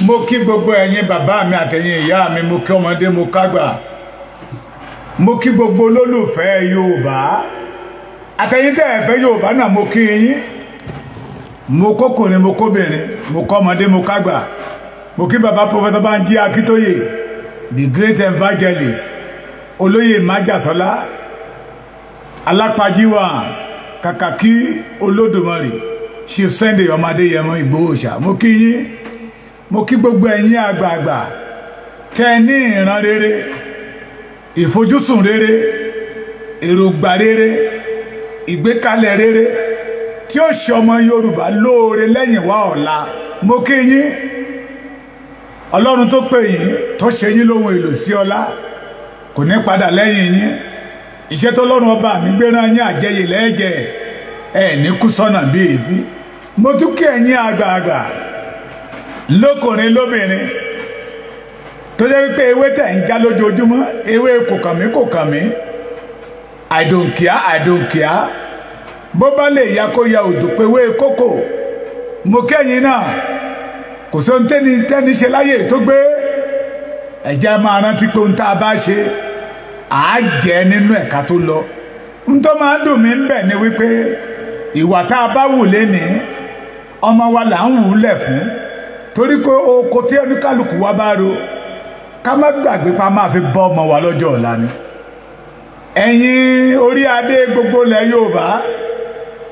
mo kí gbogbo ẹ̀yin bàbá mi àtẹ̀yin ìyá mi mo kí ọmọdé mo kágbà mo kí gbogbo olólùfẹ́ Yorùbá àtẹ̀yin tẹ́ ẹ Yorùbá náà mo kí yín mo kókùnrin mo kóbìnrin mo kọ́ ọmọdé mo kágbà mo kí baba professor Banji Akíntóyè the great evangelist olóyè májàsọ́lá alápàjíwà kàkàkí olódùmarè chief sunday ọmọdé yẹmọ ìgbòhòṣà mo kí yín mo kí gbogbo ẹ̀yin àgbààgbà tẹ́ ní ìran rere ìfojúsùn rere èròǹgbà rere ìgbékalẹ̀ rere tí ó ṣe ọmọ yorùbá lóore ọlọ́run tó pè yín tó ṣe yín lóhun èlò sí ọlá kò ní padà lẹ́yìn yín iṣẹ́ tó lọ́run ọba mi gbéra yín àjẹyè l'ẹ́jẹ̀ ẹ̀ ní kú sọ́nà bí èéfì mo tún kí ẹ̀yin àgbààgbà lọ́kùnrin lóbìnrin tó jẹ́ ewé tẹ̀ ń já lójoojúmọ́ ewé kò kàn mí ya kó ya kókò mo kò sóhun tẹ́ni tẹ́ni ṣe láyè tó gbé ẹ̀jẹ̀ máa rántí pé ohun tá a bá ṣe àá jẹ́ nínú ẹ̀ka tó lọ ohun tó máa dùn mí ń bẹ̀ ni wípé ìwà tá a bá wù lénìí ọmọ wa là ń wù ú lẹ̀ fún torí pé oko tí oníkálukú wa bá ro ká má gbàgbé pa máa fi bọ́ ọmọ wa lọ́jọ́ ọ̀la ni ẹ̀yin orí adé gbogbo ilẹ̀ Yorùbá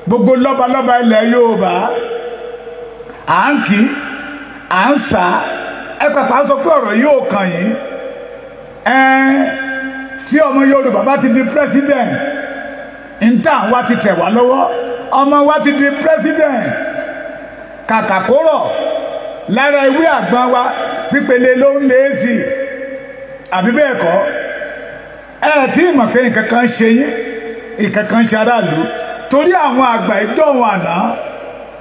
gbogbo lọ́balọ́ba ilẹ̀ Yorùbá à ń kí i à ń sá ẹ pàpà sọ pé ọ̀rọ̀ yìí ò kàn yín ẹ tí ọmọ Yorùbá bá ti di president níta wa ti tẹ̀ wá lọ́wọ́ ọmọ wa ti di president kàkà kó rọ̀ lára ìwé àgbọn wa pípele ló ń lé sí àbí bẹ́ẹ̀ kọ́ ẹ tí mọ̀ pé nǹkan kan ṣe yín nǹkan kan ṣe aráàlú torí àwọn àgbà ìjọ́hun àná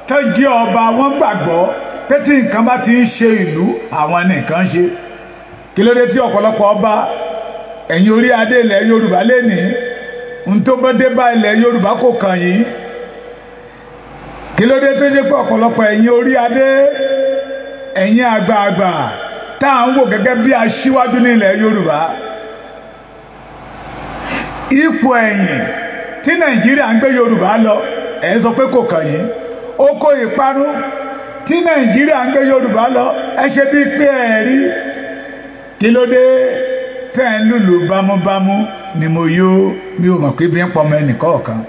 tó jẹ́ ọba wọn gbàgbọ́ pé tí nǹkan bá ti ń ṣe ìlú àwọn nìkan ṣe kí ló dé tí ọ̀pọ̀lọpọ̀ ọba ẹ̀yin orí adé ilẹ̀ Yorùbá lẹ́nìí ní tó bá ilẹ̀ Yorùbá kò kàn yín kí ló dé tó ṣe pé ọ̀pọ̀lọpọ̀ ẹ̀yin orí adé àgbààgbà tá à ń wò gẹ́gẹ́ bí aṣíwájú ní ilẹ̀ Yorùbá ipò ẹ̀yìn tí tí nàìjíríà ń gbé yorùbá lọ ẹ ṣe bíi pé ẹ rí kí ló dé tẹ́ ń lùlù bámúbámú ni mo yó mi ò mọ̀ pé bí ń pọmọ ẹnìkọ̀ọ̀kan.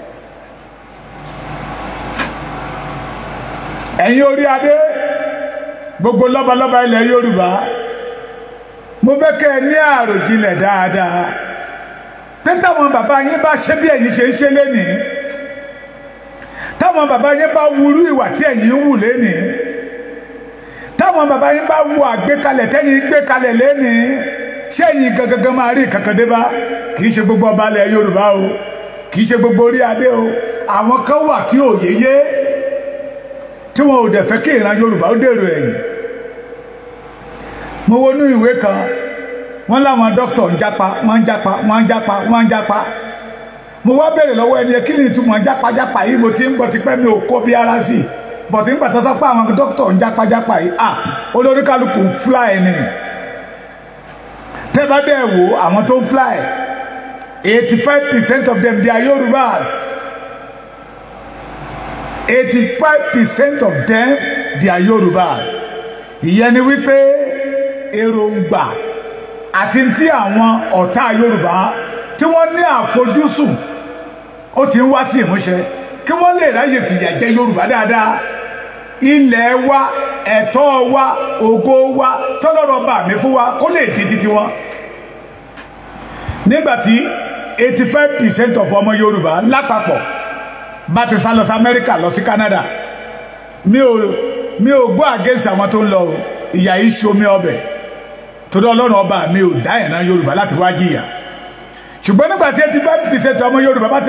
ẹ̀yin orí adé gbogbo lọ́balọ́ba ilẹ̀ yorùbá mo fẹ́ kẹ́ ẹ ní àròjinlẹ̀ dáadáa pé bàbá yín bá ṣe bí ẹ̀yin ṣe ń ṣe lénìí táwọn bàbá yẹn bá wúrú ìwà tí ẹ̀yin ń wù lénìí táwọn bàbá yẹn bá wù àgbékalẹ̀ tẹ́yin gbé kalẹ̀ lénìí ṣé ẹ̀yin gangan máa rí kankandé bá kì í ṣe gbogbo ọba ilẹ̀ Yorùbá o kì í ṣe gbogbo orí adé o àwọn kan wà kí òye yé tí wọn ò dẹ̀ fẹ́ kí ìran Yorùbá ó dèrò ẹ̀yìn mo wọnú ìwé kan wọ́n láwọn dókítà ń jápa wọ́n ń jápa wọ́n ń jápa wọ́n ń jápa mo wá bèrè lọ́wọ́ ẹni ẹ kí ni ìtumọ̀ jápajápa yìí mo ti ń gbọ́ tipẹ́ mi ò kó bí ara sí i bọ̀tí ń pàtàkì pé àwọn dókítà ń jápajápa yìí à ah, olórí kálukú ń fly ni tẹ́ bá dẹ̀ wò àwọn tó ń fly eighty five percent of them they are Yorubas eighty five percent of them they are Yorubas ìyẹn ni wípé èròǹgbà àti ti àwọn ọ̀tá Yorùbá tí wọ́n ní àfojúsùn ó ti ń wá sí ìmúṣẹ kí wọ́n lè ráyè fìyà jẹ Yorùbá dáadáa ilẹ̀ wa ẹ̀tọ́ wa ògo wa tọ́lọ́rọ̀ bá mi fún wa kó lè di títí wọn nígbàtí 85 percent of ọmọ Yorùbá lápapọ̀ bá ti sá lọ sí Amẹ́ríkà lọ sí Canada mi ò mi ò gbọ́ àgẹ́sì àwọn tó ń lọ ìyà iṣu omi ọbẹ̀ torí Ọlọ́run ọba mi ò dá ẹ̀ran Yorùbá láti wá jìyà ṣùgbọ́n nígbà tí eighty five percent ọmọ Yorùbá bá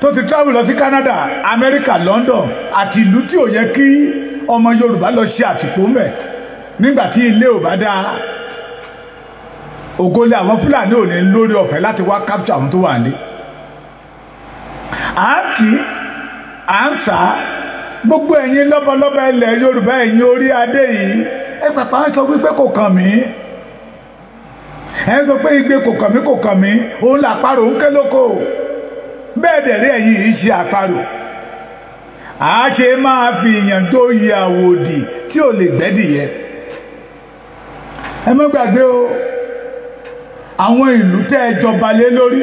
tó ti travel lọ sí Canada America London àti ìlú tí ò yẹ kí ọmọ Yorùbá lọ ṣe àtìpó mẹ́ nígbà tí ilé ò bá dáa ògolé àwọn Fúlàní ò ní lórí ọ̀fẹ́ láti wá capture àwọn tó wà nílé à ń kì í à ń sá gbogbo ẹ̀yin lọ́bọ̀lọ́bọ̀ ilẹ̀ Yorùbá ẹ̀yin orí adé yìí ẹ pàpà sọ wípé kò kàn mí ẹ sọ pé igbe kò kàn mí kò kàn mí òun làparò ń ké lóko bẹ́ẹ̀ dẹ̀rẹ́ ẹ̀yìn yìí ṣe àparò a ṣe máa fi èèyàn tó yẹ àwòdì tí ò lè gbẹ́dìyẹ ẹ má gbàgbé o àwọn ìlú tẹ́ ẹ jọba lé lórí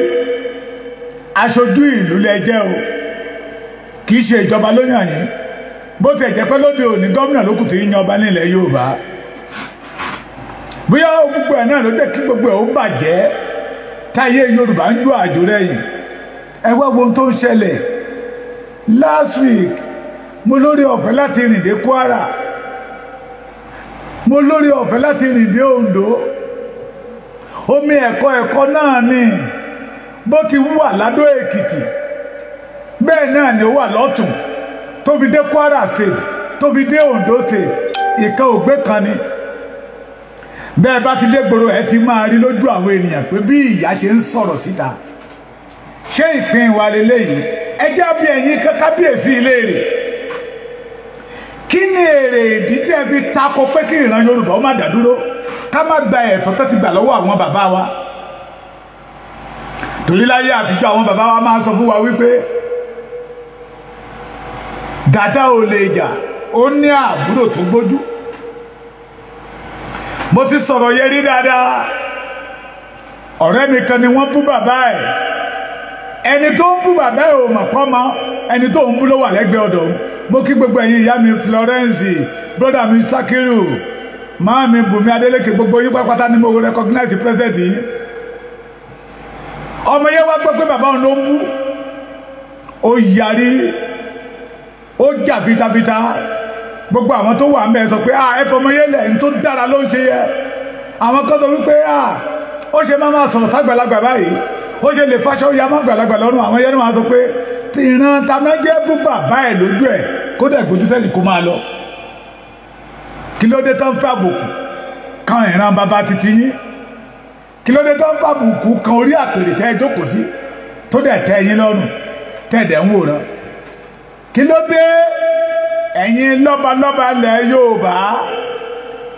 aṣojú ìlú lẹ jẹ́ o kì í ṣe ìjọba ló yàn yín bó ti ẹ̀ jẹ́ pé lóde òní gómìnà lókùtì yíyan ọba nílẹ̀ Yorùbá bóyá gbogbo ẹ̀ náà ló jẹ́ kí gbogbo ẹ̀ ó bàjẹ́ táyé Yorùbá ń jó àjò rẹ̀yìn ẹ wá wo ohun tó ń ṣẹlẹ̀ last week mo lórí ọ̀fẹ́ láti rìn dé Kwara mo lórí ọ̀fẹ́ láti rìn dé Ondo omi ẹ̀kọ́ ẹ̀kọ́ náà ni bó ti wà ládó Èkìtì bẹ́ẹ̀ náà ni ó Kwara state Ondo state ògbé kan ni. bẹ́ẹ̀ bá ti dégboro ẹ ti máa rí lójú àwọn ènìyàn pé bí ìyá ṣe ń sọ̀rọ̀ síta ṣé ìpín wa leléyìí ẹjẹ́ bí ẹ̀yin kábíyèsí ilé rẹ̀ kí ni èrè ìdí tí ẹ fi tako pé kí ìran Yorùbá ó má dàdúró ká má gba ẹ̀tọ́ tó ti gbà lọ́wọ́ àwọn bàbá wa torí àtijọ́ àwọn bàbá wa máa ń sọ fún wa wípé dàdá ò lè jà ó ní àbúrò tó gbójú mo ti sọ̀rọ̀ yẹn rí dáadáa ọ̀rẹ́ mi kan ni wọ́n bú bàbá ẹ̀ ẹni tó ń bú bàbá ẹ̀ ò mà pọ́ mọ́ ẹni tó ń bú ló wà lẹ́gbẹ̀ẹ́ ọ̀dọ̀ mo kí gbogbo ẹ̀yin ìyá mi Florence broda mi Sakiru máa mi Bùnmi Adélékè gbogbo yín pápátá ni mo recognize present yín ọmọ yẹn wá gbọ́ pé bàbá òun ló ń bú ó yarí ó jà bitabita. Bita gbogbo àwọn tó wà mẹ́ẹ̀ sọ pé à ah, ẹ fọmọ yé lẹ̀ ń tó dára ló ń ṣe yẹ àwọn kan sọ wípé à ah, ó ṣe máa máa sọ̀rọ̀ ságbàlagbà báyìí ó ṣe lè fàṣọ ya má gbàlagbà lọ́rùn àwọn yẹn wọn sọ pé ìran taná jẹ́ bú bàbá ẹ̀ lójú ẹ̀ kó dẹ̀ gbójú sẹ́yìn kó máa lọ kí ló dé tán fẹ́ àbùkù kan ìran bàbá titi yín kí ló dé tán fẹ́ àbùkù kan orí àpèrè tẹ́ ẹ jókòó sí tó dẹ̀ tẹ́ yín lọ́rùn tẹ́ ẹ̀ dẹ̀ ń wòran kí ló dé ẹ̀yin lọ́balọ́ba ilẹ̀ Yorùbá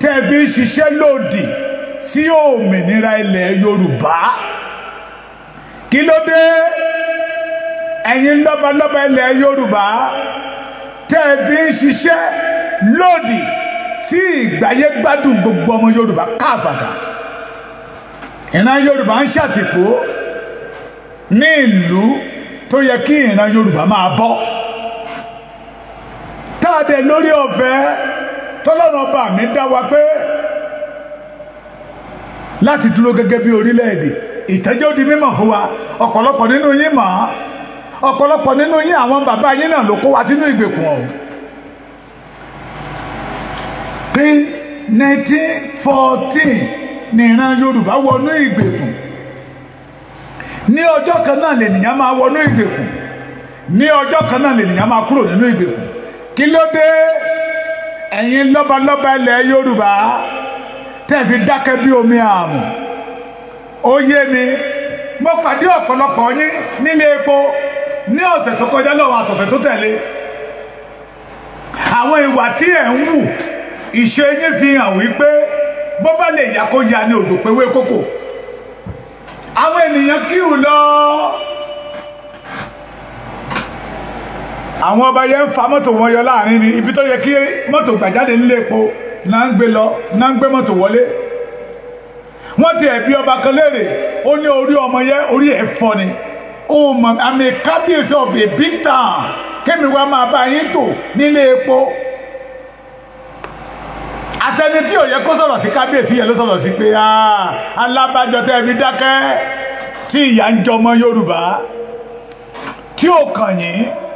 tẹ̀bí ṣiṣẹ́ lòdì sí òmìnira ilẹ̀ Yorùbá kí ló dé ẹ̀yin lọ́balọ́ba ilẹ̀ Yorùbá tẹ̀bí ṣiṣẹ́ lòdì sí ìgbáyégbádùn gbogbo ọmọ Yorùbá káàbàkà ìran Yorùbá ń ṣàtìpó ní ìlú tó yẹ kí ìran Yorùbá máa bọ́. káàdé lórí ọ̀fẹ́ tọ́lọ́run ọba mi dá wa pé láti dúró gẹ́gẹ́ bí orílẹ̀-èdè ìtẹ́jọ́ di mímọ̀ fún wa ọ̀pọ̀lọpọ̀ nínú yín mọ̀ ọ̀pọ̀lọpọ̀ nínú yín àwọn bàbá yín náà ló kó wa sínú ìgbèkùn pé 1914 nìran Yorùbá wọnú ìgbèkùn ní ọjọ́ kan náà máa wọnú ìgbèkùn ní ọjọ́ kan náà máa kúrò nínú ìgbèkùn kí ló dé ẹ̀yin lọ́balọ́ba ilẹ̀ Yorùbá tẹ́ fi dákẹ́ bí omi àmù ó yé mi mo pàdé ọ̀pọ̀lọpọ̀ yín nílé epo ní ọ̀sẹ̀ tó kọjá lọ́wọ́ àtọ̀sẹ̀ tó tẹ̀lé àwọn ìwà tí ẹ̀ ń wù ìṣe yín fi hàn wípé bó bá lè yà kó ya ni òdò pé wé kókò àwọn ènìyàn kíù lọ. àwọn ọba yẹn ń fa mọ́tò wọn yọ láàrin ni ibi tó yẹ kí mọ́tò gbàjáde nílé epo náà ń gbé lọ náà ń gbé mọ́tò wọlé wọ́n ti ẹ̀bi ọba kan léèrè ó ní orí ọmọ yẹn orí ẹ̀ fọ́ ni ó mọ̀ àmì kábíyèsí of a big town kémi wá máa bá yín tò nílé epo atẹni tí ò yẹ kó sọ̀rọ̀ sí kábíyèsí yẹn ló sọ̀rọ̀ sí pé ah, alábàjọ tẹ́ fi dákẹ́ tí ìyà ń jọmọ Yorùbá tí ò kàn yín.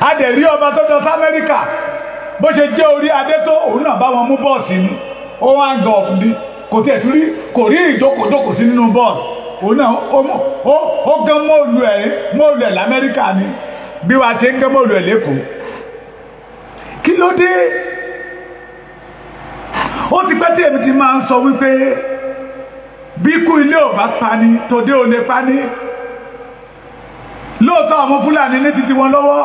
a dẹ̀ rí ọba tó dọ̀ fámẹ́ríkà bó ṣe jẹ́ orí adé tó òun náà bá wọn mú bọ́ọ̀sì ni ó wá ń gan ọ̀dí kò tẹ̀ tún rí kò rí ìjókòó sí nínú bọ́ọ̀sì òun náà ó gán mọ́ọ̀lù ẹ̀ mọ́ọ̀lù ẹ̀ lamẹ́ríkà ni bí wàá ti ń gán mọ́ọ̀lù ẹ̀ lẹ́kọ̀ọ́ kí ló dé ó ti pẹ́ tí èmi ti máa ń sọ wípé bí ikú ilé ò bá pani tòde ò lè pani lóòótọ́ àwọn fúlàní ní wọn lọ́wọ́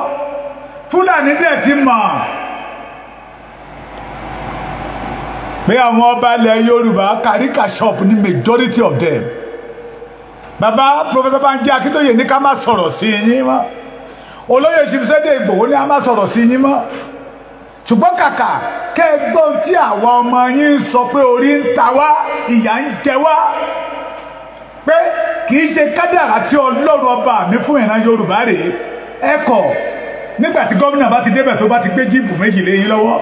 fúlàní dẹ̀ ti mọ̀ pé àwọn ọba ilẹ̀ yorùbá kàríkà shop ní majority of them bàbá professor Banji Akíntóyè ní ká má sọ̀rọ̀ sí yín mọ́ olóyè ṣiṣẹ́dẹ̀ Ìgbòho ní a má sọ̀rọ̀ sí yín mọ́ ṣùgbọ́n kàkà kẹ́gbọ́n tí àwọn ọmọ yín ń sọ pé orí ń ta wá ìyà ń jẹ wá pé kì í ṣe kádàrà tí ọlọ́run ọba mi fún ìran yorùbá rèé ẹ̀kọ́ nígbà tí gómìnà bá ti débẹ̀ tó bá ti gbé jíìpù méjì léyìn lọ́wọ́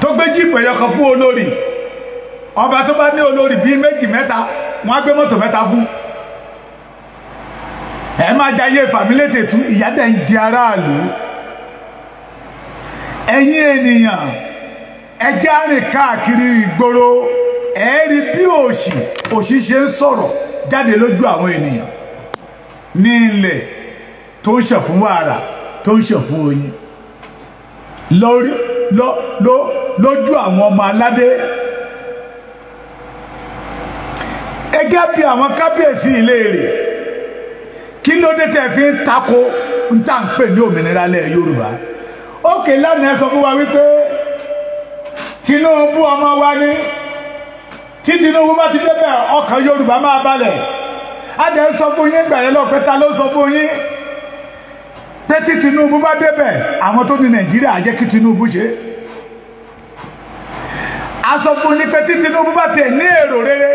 tó gbé jíìpù ẹ̀yọ kan fún olórí ọba tó bá ní olórí bíi méjì mẹ́ta wọ́n á gbé mọ́tò mẹ́ta fún ẹ máa jayé fàmílétè tú ìyá dẹ̀ ń di aráàlú ẹ̀yin ènìyàn ẹ járìn káàkiri ìgboro ẹ rí bí òṣì òṣì ṣe ń sọ̀rọ̀ jáde lójú àwọn ènìyàn ní ilẹ̀ tó ń ṣàn fún wàrà tó ń ṣàn fún oyin lórí ló ló lójú àwọn ọmọ aládé gẹ́gẹ́ bí àwọn kábíyèsí ilé rẹ̀ kí ló dé tẹ̀ fi ń tako ń tà ń pè ní òmìnira lẹ̀ Yorùbá òkè lánàá sọ fún wa wípé Tinubu ọmọ wa ní tí Tinubu bá ti débẹ̀ ọkàn Yorùbá máa balẹ̀ adẹ̀ ń sọ fún yín gbàyẹ́ ló sọ fún yín pé tí Tinubu bá débẹ̀ àwọn tó ní Nàìjíríà á jẹ́ kí Tinubu ṣe asọ̀fún ni pé tí Tinubu bá tẹ̀ ní èrò rere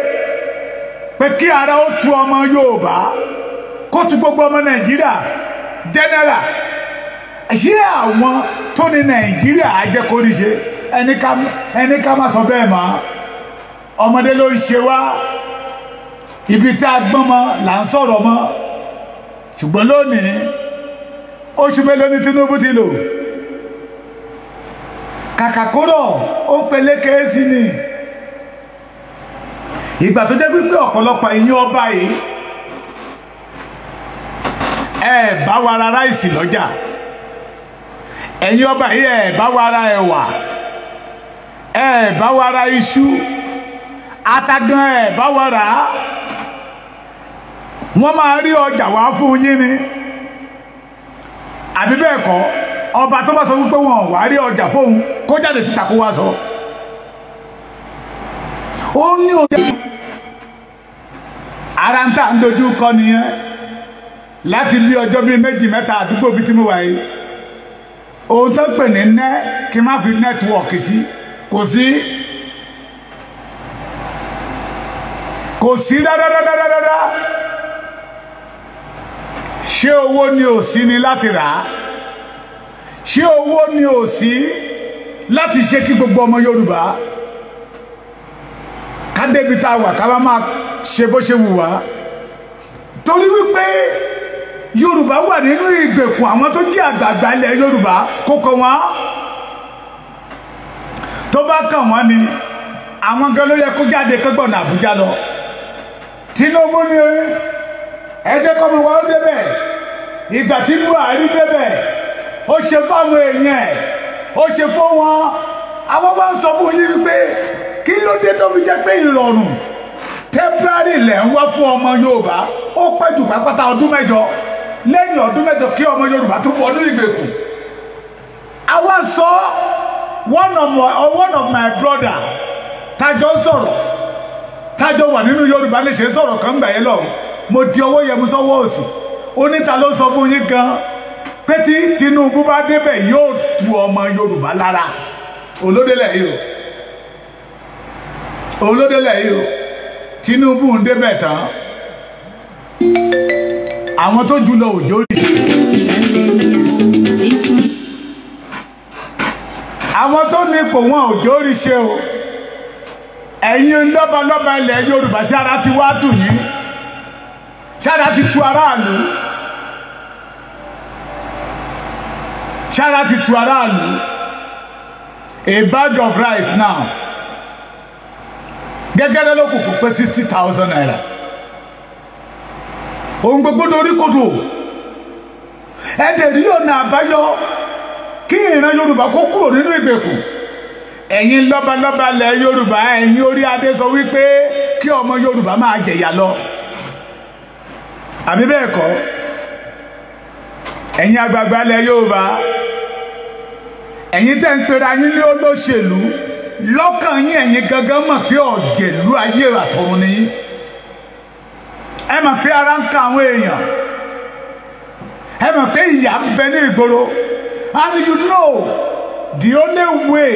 pé kí ara ó tu ọmọ Yorùbá kó tu gbogbo ọmọ Nàìjíríà jẹ́nẹ́rà ṣé àwọn tó ní Nàìjíríà á jẹ́ kó rí ṣe ẹni ká má sọ bẹ́ẹ̀ mọ́ ọmọdé ló ń ṣe wá ibi tí a gbọ́n mọ́ là ń sọ̀rọ̀ mọ́ ṣùgbọ́n lónìí. oṣù mélòó ni Tinubu ti lò kàkà kó ó ni ìgbà tó jẹ́ pípé ọ̀pọ̀lọpọ̀ ẹ̀yin ọba yìí ẹ bá wa ra ráìsì lọ́jà ẹ̀yin ọba yìí ẹ bá wa ẹ bá wa iṣu atagan ẹ bá wa rà á wọ́n máa rí àbí bẹ́ẹ̀ ọba tó bá sọ wípé wọn wà á rí ọjà fóun kó jáde títa kó wá sọ ó ní òjò ara ń tà ń dojú kọ nìyẹn láti bi ọjọ́ bíi méjì mẹ́ta àdúgbò bíi tí mo wà yìí ohun tó pè ní ṣé owó ni ò sí ni láti rà á ṣé owó ni ò sí láti ṣe kí gbogbo ọmọ Yorùbá ká débi tá a wà ká má máa ṣe bó ṣe wù wá torí wípé Yorùbá wà nínú ìgbèkùn àwọn tó jẹ́ àgbààgbà ilẹ̀ Yorùbá kò kàn wọ́n tó bá kàn wọ́n ni àwọn gan ló yẹ kó jáde kó gbọ̀nà Àbújá lọ Tinubu ni. ẹ jẹ́ kọ́mọ wa ó débẹ̀ ìgbà tí Buhari débẹ̀ ó ṣe fáwọn èèyàn ẹ̀ ó ṣe fún wọn àwọn bá ń sọ fún yín wípé kí ló dé tó fi jẹ́ pé ìrọ̀rùn tẹ́pẹ́rì lẹ̀ ń wá fún ọmọ Yorùbá ó pẹ́ jù pápátá ọdún mẹ́jọ lẹ́yìn ọmọ Yorùbá tó ìgbèkùn àwa sọ one of my uh, one of my brother wà nínú Yorùbá ṣe gbà yẹn mo di ọwọ́ yẹn mú sọ́wọ́ òsì oníta ló sọ fún yín gan pé tí Tinubu bá débẹ̀ yóò tu ọmọ Yorùbá lára olódélẹ̀ yìí o olódélẹ̀ yìí o Tinubu ń débẹ̀ tán àwọn tó jùlọ òjò rí. àwọn tó nípò wọn òjò rí ṣe o ẹ̀yin lọ́balọ́ba ilẹ̀ Yorùbá sí ara ti wá tù yín sára fi tu aráàlú a bag of rice now gẹ́gẹ́rẹ́ ló kù kó pé sixty thousand naira ohun gbogbo dorí kodò ẹ dẹ̀ rí ọ̀nà àbáyọ kí ìran yorùbá kó kúrò nínú ìgbèkùn ẹ̀yin lọ́balọ́ba lẹ̀ yorùbá ẹ̀yin orí adé sọ wípé kí ọmọ yorùbá máa jẹ̀yà lọ àbí bẹ́ẹ̀ kọ́ ẹ̀yin àgbààgbà ilẹ̀ Yorùbá ẹ̀yin tẹ́ ń pera yín lé olóṣèlú lọ́kàn yín ẹ̀yin gangan mọ̀ pé ọ̀gẹ̀lú ayé àtọ̀run ni ẹ mọ̀ pé ara ń ka àwọn èèyàn ẹ mọ̀ pé ìyà ń bẹ ní ìgboro and you know the only way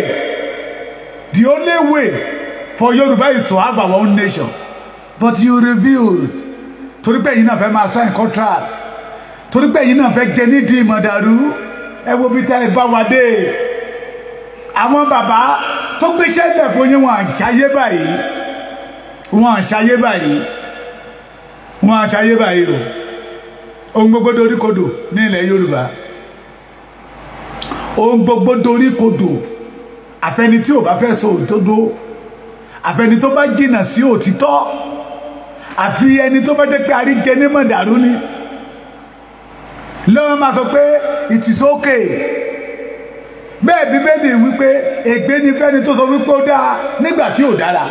the only way for Yorùbá is to have our own nation but you refuse torí pé ẹ̀yin náà fẹ́ máa sign contract torí pé ẹ̀yin náà fẹ́ jẹ nídìí ìmọ̀dàrú ẹ wo bí tá ẹ bá wa dé àwọn bàbá tó gbéṣẹ́ lẹ̀ fún yín wọn àjáyé báyìí wọn àṣàyé báyìí wọn àṣàyé báyìí o ohun gbogbo dorí kodò ní ilẹ̀ Yorùbá ohun gbogbo dorí kodò àfẹni ò bá fẹ́ sọ òdodo àfẹni tó bá jìnnà sí òtítọ́ àfi ẹni tó bá jẹ́ pé àríjẹ ní mọ̀dàrú ni lọ́wọ́ máa sọ pé it is okay bẹ́ẹ̀ bíbélì wípé ègbé ni fẹ́ni tó sọ wípé ó dáa nígbà tí ò dára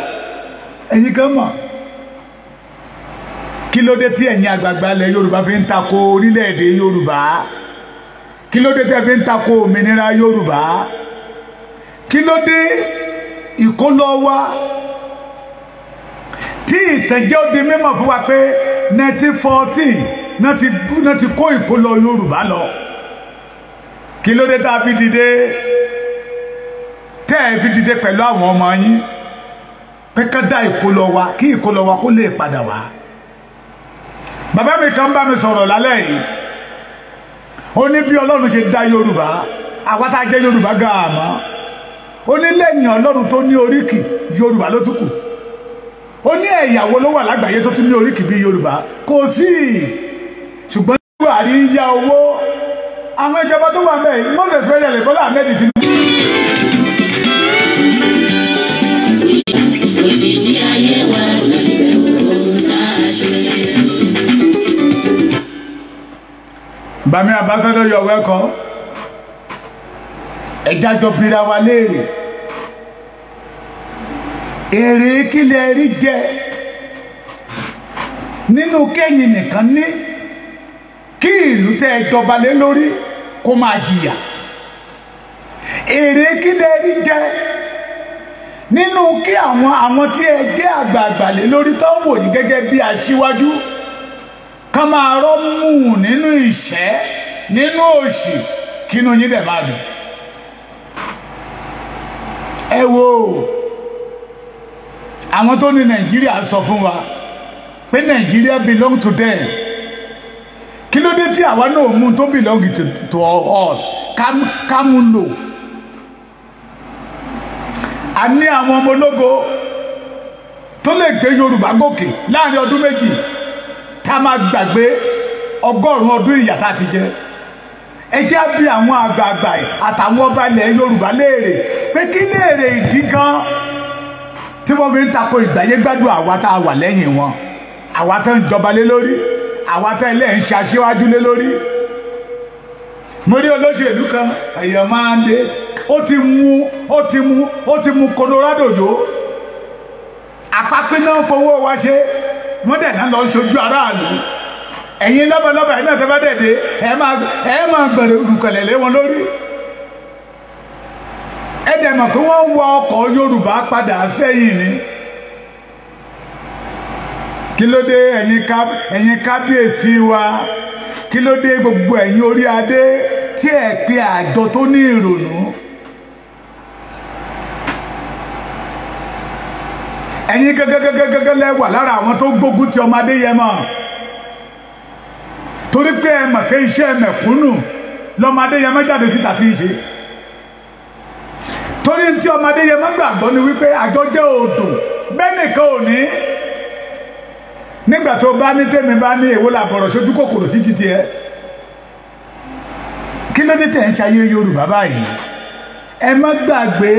ẹ̀yin kan mọ̀ kí ló dé tí ẹ̀yin àgbààgbà ilẹ̀ yorùbá fi ń tako orílẹ̀-èdè yorùbá kí ló dé tí ẹ fi ń tako òmìnira yorùbá kí ló dé ìkólọ wa tí ìtẹ̀jẹ́ ó di mímọ̀ fún wa pé 1914 náà ti kó ìkólọ Yorùbá lọ kí ló dé tá a fi dìde tẹ́ ẹ̀ fi dìde pẹ̀lú àwọn ọmọ yín pé ká dá ìkólọ wa kí ìkólọ wa kó lè padà wá bàbá mi kan bá mi sọ̀rọ̀ lálẹ́ yìí ó ní bí Ọlọ́run ṣe dá Yorùbá àwa a jẹ́ Yorùbá gan àmọ́ ó ní lẹ́yìn Ọlọ́run tó ní oríkì Yorùbá ló tún kù ó ní ẹ̀yàwó ló wà lágbàáyé tó tún ní oríkì bí Yorùbá kò sí ṣùgbọ́n Buhari ń yá owó àwọn ìjọba tó wà ń bẹ̀ Moses fẹ́lẹ̀ Bọ́lá Ahmed Tinubu. òjijì ayé wa lọ́sẹ̀ òun tá Ambassador you welcome ẹ bira wa léèrè. èrè kílẹ̀ rí jẹ nínú kẹ́yìn nìkan ní kí ìlú tẹ ẹ lé lórí kó máa jìyà èrè kílẹ̀ rí jẹ nínú kí àwọn àwọn tí ẹ jẹ àgbààgbà lé lórí tó ń gẹ́gẹ́ bí aṣíwájú ká máa àwọn tó ní nàìjíríà sọ fún wa pé nàìjíríà belong to them kí ló dé tí àwa náà mú tó belong to, to us ká mú lò a ní àwọn ọmọ ológo tó lè gbé yorùbá gòkè láàrin ọdún méjì ká máa gbàgbé ọgọ́rùn-ún ọdún ìyà tá a ti jẹ ẹ jẹ́ bí àwọn àgbààgbà àtàwọn ọba ilẹ̀ yorùbá léèrè pé kí léèrè ìdí gan-an tí wọ́n fi ń tako ìgbáyégbádùn àwa tá a wà lẹ́yìn wọn àwa tá ń jọba lé lórí àwa tá ilé ń ṣaṣíwájú lé lórí. mo rí olóṣèlú kan ẹ̀yọ́ máa ń dé ó ti mu ó ti mu ó ti mu Colorado yó àpapẹ́ náà fowó wa ṣe wọ́n dẹ̀ náà lọ ṣojú aráàlú ẹ̀yin lọ́bọ̀lọ́bọ̀ ẹ̀ náà tẹ́ bá dẹ̀ dé ẹ̀ máa gbẹ̀rẹ̀ olùkọ̀lẹ̀ lé wọn lórí ẹ dẹ̀ mọ̀ pé wọ́n wọ ọkọ̀ Yorùbá padà sẹ́yìn ni kí ló dé ẹ̀yin kábíyèsí wa kí ló dé gbogbo ẹ̀yin orí adé tí ẹ̀ pe àjọ tó ní ìrònú. ẹ̀yin gẹ́gẹ́gẹ́gẹ́gẹ́ lẹ́wà lára àwọn tó gbógun ti ọmọ Adéyẹmọ torí pé ẹ mọ̀ pé iṣẹ́ mẹ̀kúnnù lọ́mọ Adéyẹmọ jáde síta tí ń ṣe torí tí ọmọdé yẹ má gbàgbọ́ ni wípé àjọ jẹ́ odò bẹ́nìkan ò ní nígbà tó bá ní tèmi bá ní èwo làbọ̀rọ̀ sójú kòkòrò sí títí ẹ kí ló dé tẹ̀ ń ṣayé Yorùbá báyìí ẹ má gbàgbé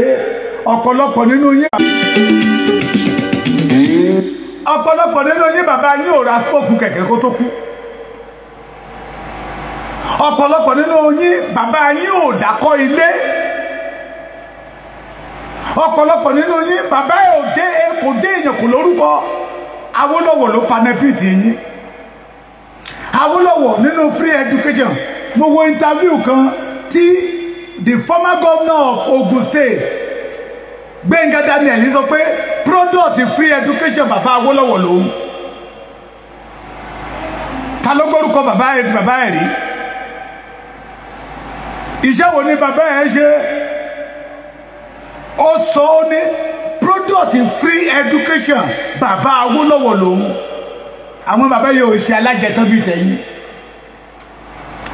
ọ̀pọ̀lọpọ̀ nínú yín ọ̀pọ̀lọpọ̀ nínú yín bàbá yín ò ra spoke kẹ̀kẹ́ kó tó kú ọ̀pọ̀lọpọ̀ nínú yín bàbá yín ò dákọ́ ilé ọ̀pọ̀lọpọ̀ nínú yín bàbá ẹ̀ kò dé èèyàn kò lórúkọ Awólọ́wọ̀ ló panẹ́pìtì yín Awólọ́wọ̀ nínú free education mo wo interview kan tí the former governor of Ogun State Gbẹ́ngà Daniel sọ pé product free education bàbá Awólọ́wọ̀ lòun ta ló gbórúkọ bàbá ẹ̀ rí iṣẹ́ wo ni bàbá ẹ̀ ṣe ó sọ ó ní product free education bàbá Awólọ́wọ̀ lòun àwọn bàbá yẹn ò ṣe alájẹtán bíi tẹ̀yìn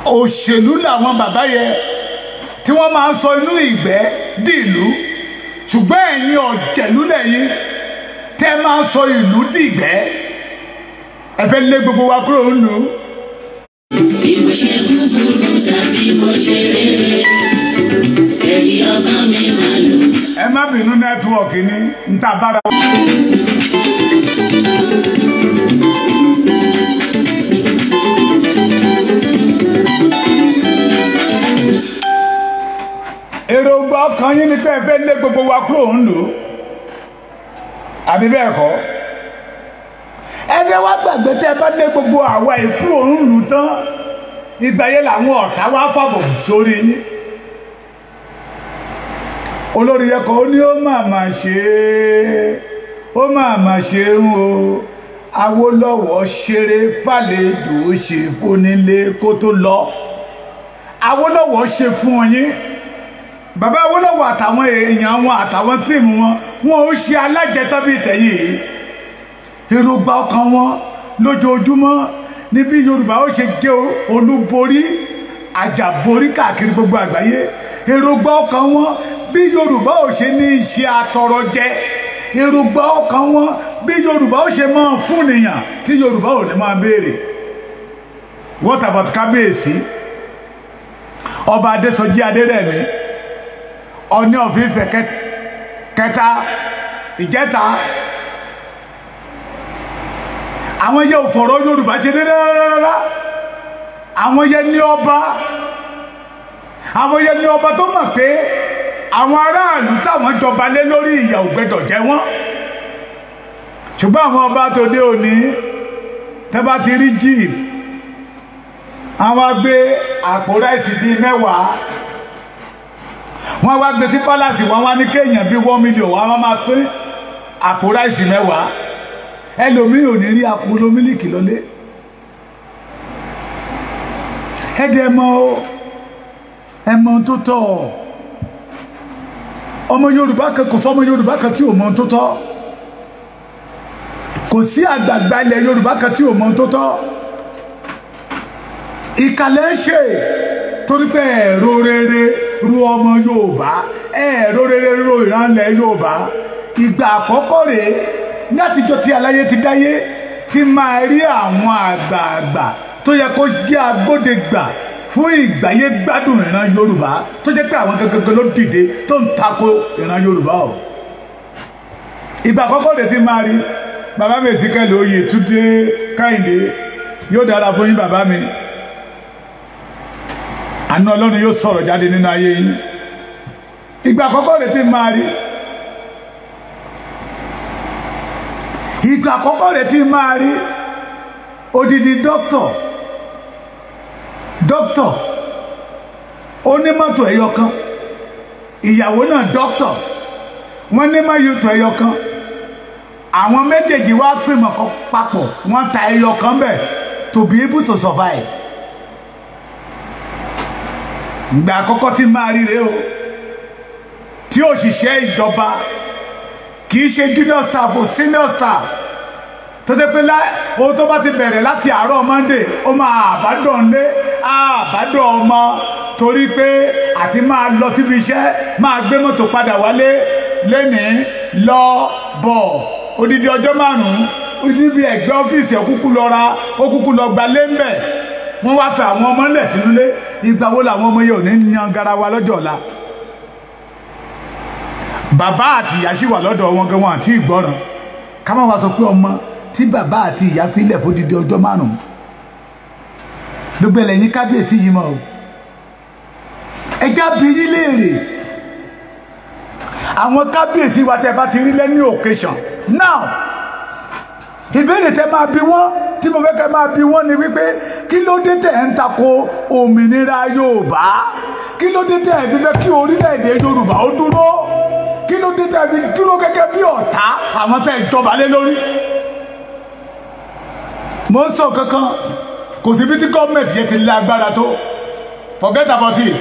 òṣèlú làwọn bàbá yẹn tí wọ́n máa ń sọ inú ìgbẹ́ dìlú ṣùgbọ́n ẹ̀yin ọ̀jẹ̀lú lẹ́yìn tẹ́ máa ń sọ ìlú dìgbẹ́ ẹ fẹ́ lé gbogbo wa kúrò ń lù. bí mo ṣe kúkúrú tàbí mo ṣe rere ẹ̀rí ọkàn mi máa ẹ má bínú nẹ́tíwọ̀kì ní níta bára. èròǹgbà ọkàn yín ni pé ẹ fẹ́ lé gbogbo wa kúrò ń lò àbí bẹ́ẹ̀ kọ́ ẹgbẹ́ wa gbàgbé tẹ́ bá lé gbogbo àwa ìkúrò ń lù tán ìgbà yẹn làwọn ọ̀tá wa fàbọ̀ sórí yín. olórí ẹkọ ó ní ó màmá ṣe é ó màmá ṣe ń o Awólọ́wọ̀ ṣeré fàlejò ṣe fónílé kó tó lọ Awólọ́wọ̀ ṣe fún yín bàbá Awólọ́wọ̀ àtàwọn èèyàn wọn àtàwọn tíìmù wọn wọn ò ṣe alájẹtọ́ bíi tẹ̀yìn èròǹgbà ọkàn wọn lójoojúmọ́ ní Yorùbá ó ṣe gé olúborí àjàborí káàkiri gbogbo àgbáyé èrògbà ọkàn wọn bí yorùbá ò ṣe ní iṣẹ́ atọrọ jẹ èrògbà ọkàn wọn bí yorùbá ò ṣe máa fún nìyàn tí yorùbá ò ní máa béèrè what about kábíyèsí ọba adésọjí adérẹ̀mí ọní ọ̀fíìfẹ́ kẹta ìjẹta àwọn yóò fọ̀rọ̀ yorùbá ṣe rárá rárá àwọn yẹn ní ọba àwọn yẹn ní ọba tó mọ̀ pé àwọn aráàlú táwọn jọba lé lórí ìyà ò gbẹ́dọ̀ jẹ wọ́n ṣùgbọ́n àwọn ọba tó dé òní tẹ́ bá ti rí jíìpù àwọn gbé àpò ráìsì bíi mẹ́wàá wọ́n wá gbé sí pálásì wọn wá ní kéèyàn bíi one million wọn wá máa pín àpò ráìsì mẹ́wàá ẹlòmíì ò ní rí agolo mílìkì lọ́lé ẹ̀dẹ̀ ẹ̀mọ́ ẹ̀mọ́ tó tọ́ ọmọ Yorùbá kan kò sọ́mọ Yorùbá kan tí ò mọ tó tọ́ kò sí àgbààgbà ilẹ̀ Yorùbá kan tí ò mọ tó tọ́ ìkàlẹ̀ ń ṣe torí pé ẹ̀rọ rere ru ọmọ Yorùbá ẹ̀rọ rere ru ìrànlẹ̀ Yorùbá ìgbà àkọ́kọ́ rèé ní àtijọ́ tí aláyé ti dáyé ti máa rí àwọn àgbààgbà tó yẹ kó jẹ́ agbódegbà fún ìgbàyé gbádùn ìran yorùbá tó jẹ́ pé àwọn gangan ló dìde tó ń tako ìran yorùbá o ìgbà àkọ́kọ́ lè ti máa rí bàbá mi sì kẹ́lẹ̀ oyè túndé káyìndé yóò dára fún yín bàbá mi àná ọlọ́run yóò sọ̀rọ̀ jáde nínú ayé yín ìgbà àkọ́kọ́ rẹ̀ ti máa rí ìgbà àkọ́kọ́ rẹ̀ ti máa rí odidi dókítọ̀ dókítọ̀ onímọ́tò ẹyọ kan ìyàwó náà dókítọ̀ wọ́n ní mọ́tò ẹyọ kan àwọn méjèèjì wá pèmọ̀ papọ̀ wọ́n ta ẹyọ bẹ̀ to be able to survive ìgbà àkọ́kọ́ tí máa ríre o tí òṣìṣẹ́ ìjọba kì í ṣe junior staff o senior staff tó jẹ́ pé ohun tó bá ti bẹ̀rẹ̀ láti àárọ̀ monday ó máa àbádọ́ ńlé àbádọ́ ọmọ torí pé àti máa lọ síbi iṣẹ́ máa gbé mọ́tò padà wálé lẹ́nìí lọ bọ̀ odidi ọjọ́ márùn-ún níbi ẹ̀gbẹ́ ọ́fíìsì òkúkú lọ ra òkúkú lọ gba lẹ́ńbẹ̀ wọ́n wá fẹ́ àwọn ọmọ ńlẹ̀ sínú lé ìgbà wo làwọn ọmọ yẹn ní yan garawa lọ́jọ́ ọ̀la bàbá àti ìyá sì wà lọ́dọ̀ wọn gan wọn àti ìgbọràn ká má wá sọ pé ọmọ tí bàbá àti ìyá filẹ̀ fún dídí ọjọ́ márùn-ún gbogbo ẹlẹ́yìn kábíyèsí yìí mọ́ o ẹjá bí yín léèrè àwọn kábíyèsí wa tẹ bá ti rí lẹ́ni occasion now ìbéèrè tẹ máa bi wọ́n tí mo fẹ́ kẹ́ máa bi wọ́n ni wípé kí ló dé tẹ̀ ń tako òmìnira Yorùbá kí ló dé tẹ̀ fi fẹ́ kí orílẹ̀-èdè Yorùbá ó dúró kí ló dé tẹ̀ fi dúró gẹ́gẹ́ bí ọ̀tá àwọn tẹ̀ ìjọba lé lórí mo ń sọ kankan kò sí bí tí gọ́ọ̀mẹ̀ntì yẹn ti lágbára tó forget about it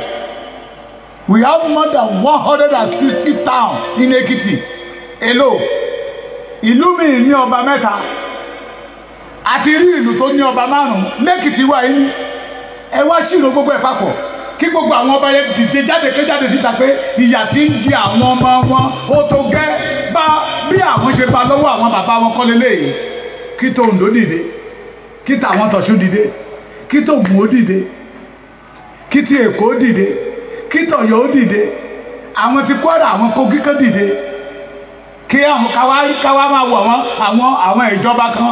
we have more than one hundred and sixty town in Ekiti èlò ìlú mi ní ọba mẹ́ta àti rí ìlú tó ní ọba márùn-ún lẹ́kìtì wà yín ẹ wá ṣírò gbogbo ẹ̀ papọ̀ kí gbogbo àwọn ọba yẹn dìde jáde ké jáde síta pé ìyà tí ń di àwọn ọmọ wọn ó tó gẹ́ bá bí àwọn ṣe ba lọ́wọ́ àwọn bàbá wọn kọ́lé léyìí kí tóun ló dìde kí tàwọn tọ̀sùn dìde kí tògùn ó dìde kí ti èkó dìde kí tọ̀yọ́ ó dìde àwọn ti Kwara àwọn Kogi kan dìde kí àwọn káwá káwá máa wọ àwọn àwọn àwọn ìjọba kan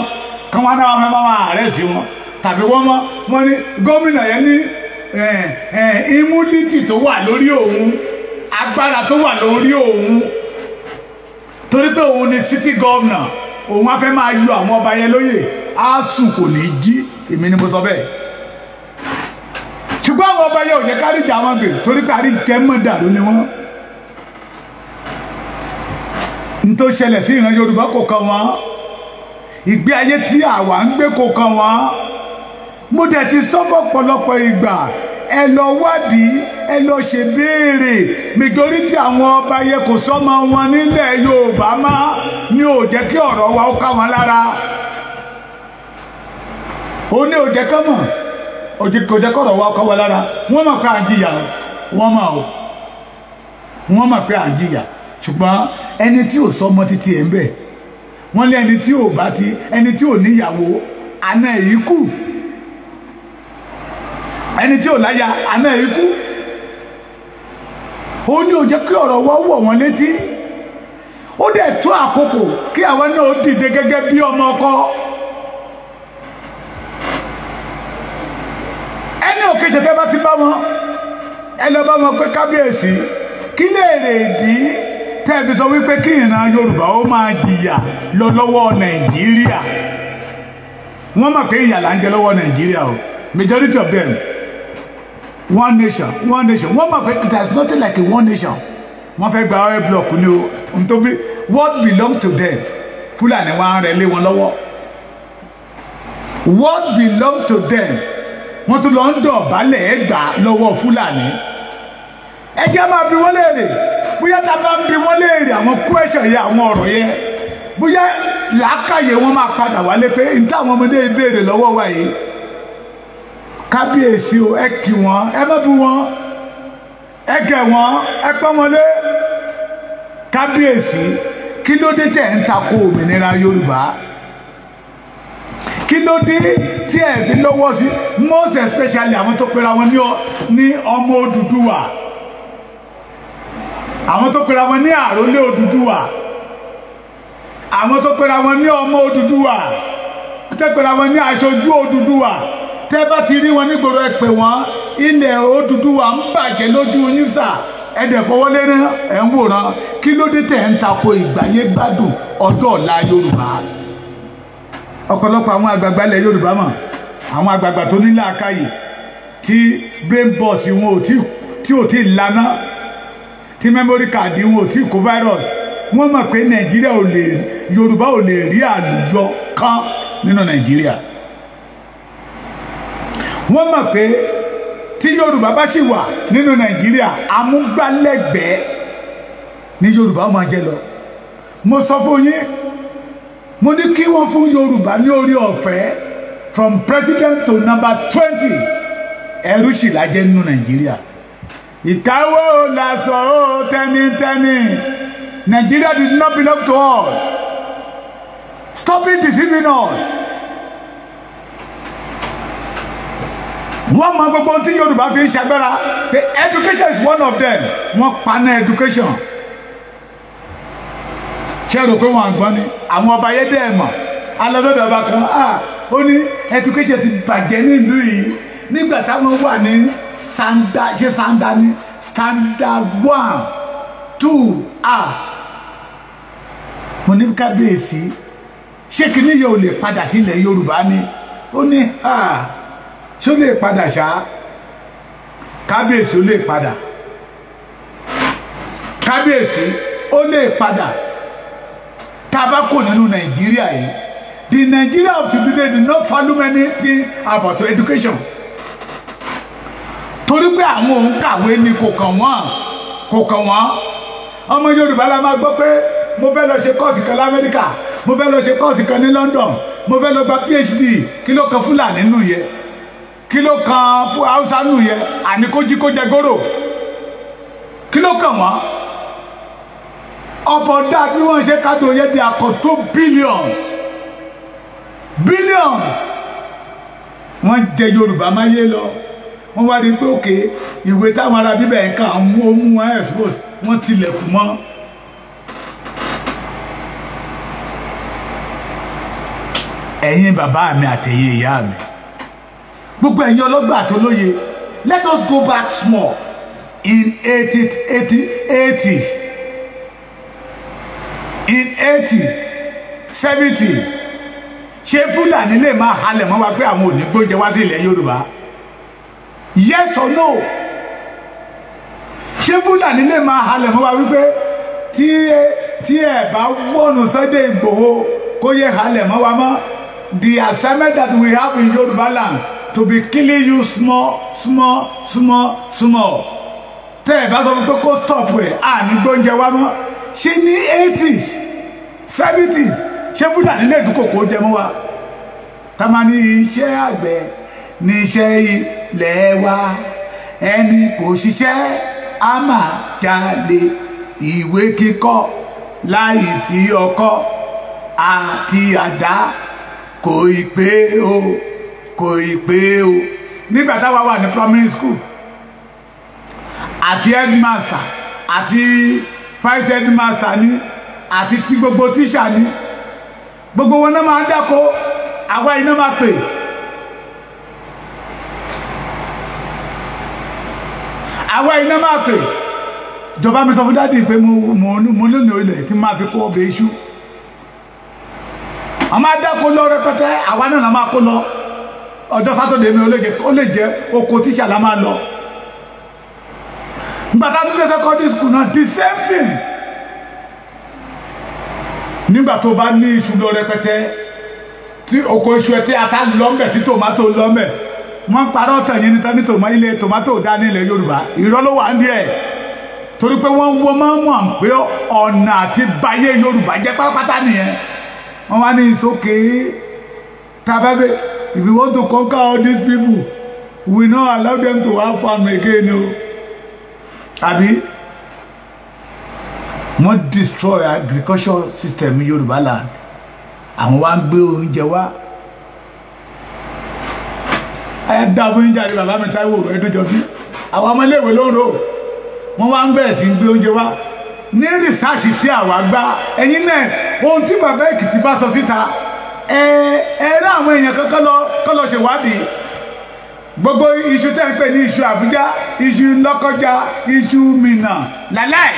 kan wá náà wọn máa àárẹ̀ sí wọn tàbí wọ́n mọ́ wọ́n ní gómìnà yẹn ní eh, eh, immunity tó wà lórí òun agbára tó wà lórí òun torí pé òun ni city governor òun á fẹ́ máa yọ àwọn ọba yẹn lóyè asuu kò ní jí èmi ni mo sọ bẹ́ẹ̀ ṣùgbọ́n àwọn ọba yẹn ò yẹ kárí wọn torí pé àrí jẹ́ mọ́ dàrú ni wọ́n n tó ṣẹlẹ̀ sí ìran Yorùbá kò kan wọn ìgbé ayé tí àwa ń gbé kò kan wọn mo dẹ̀ ti sọ́kọ̀ pọ̀lọpọ̀ ìgbà ẹ lọ wádìí ẹ lọ àwọn ọba kò wọn nílẹ̀ Yorùbá má ó ní òjẹ́ kán mọ̀ kò wa wa lára mọ̀ pé à ń jìyà o wọ́n mọ̀ pé à ń ṣùgbọ́n ẹni tí ò títí wọ́n ní ẹni tí ò bá ti ẹni tí ò níyàwó àna èyí kù ẹni tí ò láya àna èyí kù ó ní kí ọrọ wa létí ó tó àkókò kí náà dìde bí ẹni òkèṣe tẹ́ bá ti bá wọn ẹ lọ bá wọn pé kábíyèsí kí lè rè dí tẹ́ẹ̀bí sọ wípé kí ìran Yorùbá ó máa jìyà lọ lọ́wọ́ Nàìjíríà wọ́n mọ̀ pé ìyà là ń jẹ lọ́wọ́ Nàìjíríà o majority of them one nation one nation wọ́n mọ̀ pé it is nothing like a one nation wọ́n fẹ́ gba oil block ni o nítorí what belong to them Fúlàní wọn rẹ̀ lé wọn lọ́wọ́ what belong to them wọ́n tún lọ ń dọ̀bálẹ̀ ẹ̀ gbà lọ́wọ́ fúlàní ẹ jẹ́ máa bi wọ́n léèrè bóyá tá a bá ń bi wọ́n léèrè àwọn kúẹ́sọ̀ yẹ àwọn ọ̀rọ̀ yẹn bóyá làákàyè wọn máa padà wálé pé n táwọn ọmọdé béèrè lọ́wọ́ wa yìí kábíyèsí o ẹ kì wọ́n ẹ má bu wọn ẹ gẹ̀ wọ́n ẹ pọ́n wọn lé kábíyèsí kí ló dé tẹ̀ ń takò òmìnira Yorùbá kí ló dé tí ẹ̀mí lọ́wọ́ sí most especially àwọn tó pera wọn ní ọmọ Odùduwà àwọn tó pera wọn ní àrólé Odùduwà àwọn tó pera wọn ní ọmọ Odùduwà tó pera wọn ní aṣojú Odùduwà tẹ́ bá ti rí wọn nígboro ẹ pè wọ́n ilẹ̀ Odùduwà ń bàjẹ́ lójú yín sà ẹ̀dẹ̀ fọwọ́lé ẹ̀ ń wòran kí ló dé tẹ̀ ń tako ìgbáyé ọjọ́ ọ̀la Yorùbá ọ̀pọ̀lọpọ̀ àwọn àgbààgbà ilẹ̀ Yorùbá mọ̀ àwọn àgbààgbà tó ní làákàyè tí brain box wọn ò tí ò tí ì laná tí memory card wọn ò tí ì kó virus wọ́n mọ̀ pé Nàìjíríà ò lè Yorùbá ò lè rí àlùyọ kan nínú Nàìjíríà wọ́n mọ̀ pé tí Yorùbá bá sì wà nínú Nàìjíríà amúgbálẹ́gbẹ̀ẹ́ ni Yorùbá máa jẹ lọ mo sọ fún yín mo ní kí wọ́n fún Yorùbá ní orí ọ̀fẹ́ from president to number twenty ẹrú sì lájẹ́ nínú Nàìjíríà ìkáwọ́ ò làṣọ ó tẹ́nitẹ́ni Nigeria did not belong to all stop it deceiving us. wọ́n mọ gbogbo tí Yorùbá fi ń ṣagbára the education is one of them wọ́n pa education ṣe rò pé wọn àgbọn ni àwọn ọba ayé dẹ́ mọ̀ alọ́dọ̀dọ̀ ọba kan ó ní education ti bàjẹ́ nílùú yìí nígbà táwọn wà ní sanda ṣe sanda ní standard one two a mo ní kábíyèsí ṣé kìíní yóò lè padà sílẹ̀ yorùbá ni ó ní ṣó lè padà ṣá kábíyèsí ó lè padà kábíyèsí ó lè padà tabako nínú nàìjíríà yìí the nigeria of today did not value anything about education torí pé àwọn òun kàwé ni kò kàn wọ́n kò kàn wọ́n ọmọ yorùbá la máa gbọ́ pé mo fẹ́ lọ ṣe kọ́ọ̀sì kan lamẹ́ríkà mo fẹ́ lọ ṣe kọ́ọ̀sì kan ní london mo fẹ́ lọ gba phd kí ló kan fúlàní nù yẹ kí ló kan hausa nù yẹ àní kó jí kó jẹ góró kí ló kàn wọ́n upon that bí wọ́n ṣe kájọ yẹn di àkọ́tó billion billion wọ́n jẹ Yorùbá máyé lọ wọ́n wá di pé òkè ìwé táwọn ará bíbẹ̀ ń kà ń mú ó mú wọn expose wọ́n tilẹ̀kùn mọ́. ẹ̀yin bàbá mi àtẹ̀yin ìyá mi gbogbo ẹ̀yin ọlọ́gbà tó lóye let us go back small in eighty eighty eighty in eighty seventy ṣé fúlàní lè máa halẹ̀ mọ́ wa pé àwọn ò ní gbóúnjẹ wá sí ilẹ̀ yorùbá yes or no ṣé fúlàní lè máa halẹ̀ mọ́ wa wípé tí ẹ tí ẹ bá wọ́nù Sunday Igboho kó yẹ halẹ̀ mọ́ wa mọ́ the assignment that we have in yorùbá land to be killing you small small small small tẹ́ ẹ bá sọ fún pé kó stop ẹ̀ àní gbóúnjẹ wá mọ́ ṣe ní eighties seventies ṣé búdà nílé ìdúkòkò jẹ mọ́ wa tá máa ní iṣẹ́ àgbẹ̀ ní iṣẹ́ ilẹ̀ wa ẹni kò ṣiṣẹ́ á máa jalè ìwé kíkọ láì sí ọkọ àti àdá kò ì pé o kò ì pé o nígbà táwa wà ní primary school àti headmaster àti vice headmaster ni àti ti gbogbo tíṣà ni gbogbo wọn náà máa dáko àwa iná máa pè àwa iná máa pè ìjọba mi sọ fún dáàdì pé mo lónìí ilẹ̀ tí máa fi kó ọbẹ̀ iṣu a máa dáko lọ rẹpẹtẹ àwa náà la máa kó lọ ọjọ́ sátọ̀dẹ̀ mi ó lè jẹ́ oko tíṣà la máa lọ gbàtà nílé secondary school náà the same thing nígbà tó bá ní iṣu lọ rẹpẹtẹ tí oko iṣu ẹtẹ ata lọ́mbẹ̀ tí tòmátò lọ́mbẹ̀ wọ́n parọ́ tàn yín níta ní tòmá ilé tòmátò dá ní ilẹ̀ Yorùbá irọ́ ló wà ń díẹ̀ torí pé wọ́n wọ́n máa ń mọ̀ pé ọ̀nà àti bayé Yorùbá jẹ́ pátápátá nìyẹn wọ́n wá ní ìsókè tábẹ́bẹ́ if you want to conquer all these people we no allow them to have farm again o. No àbí wọ́n destroy agriculture system Yorùbá land àwọn wa ń gbé oúnjẹ wá ẹ dá oúnjẹ àti bàbá mi Táíwò ẹdúnjọ bí àwọn ọmọléèwé lóńdó wọ́n wá ń bẹ̀rẹ̀ sí gbé oúnjẹ wá ní rìsáàsì tí àwa gbá ẹ̀yin náà ohun tí bàbá Èkìtì bá sọ síta ẹ ẹ rẹ àwọn èèyàn kankan lọ kọ́ lọ ṣèwádìí. gbogbo iṣu tẹ́ ń pè ní iṣu Àbújá iṣu Minna láláì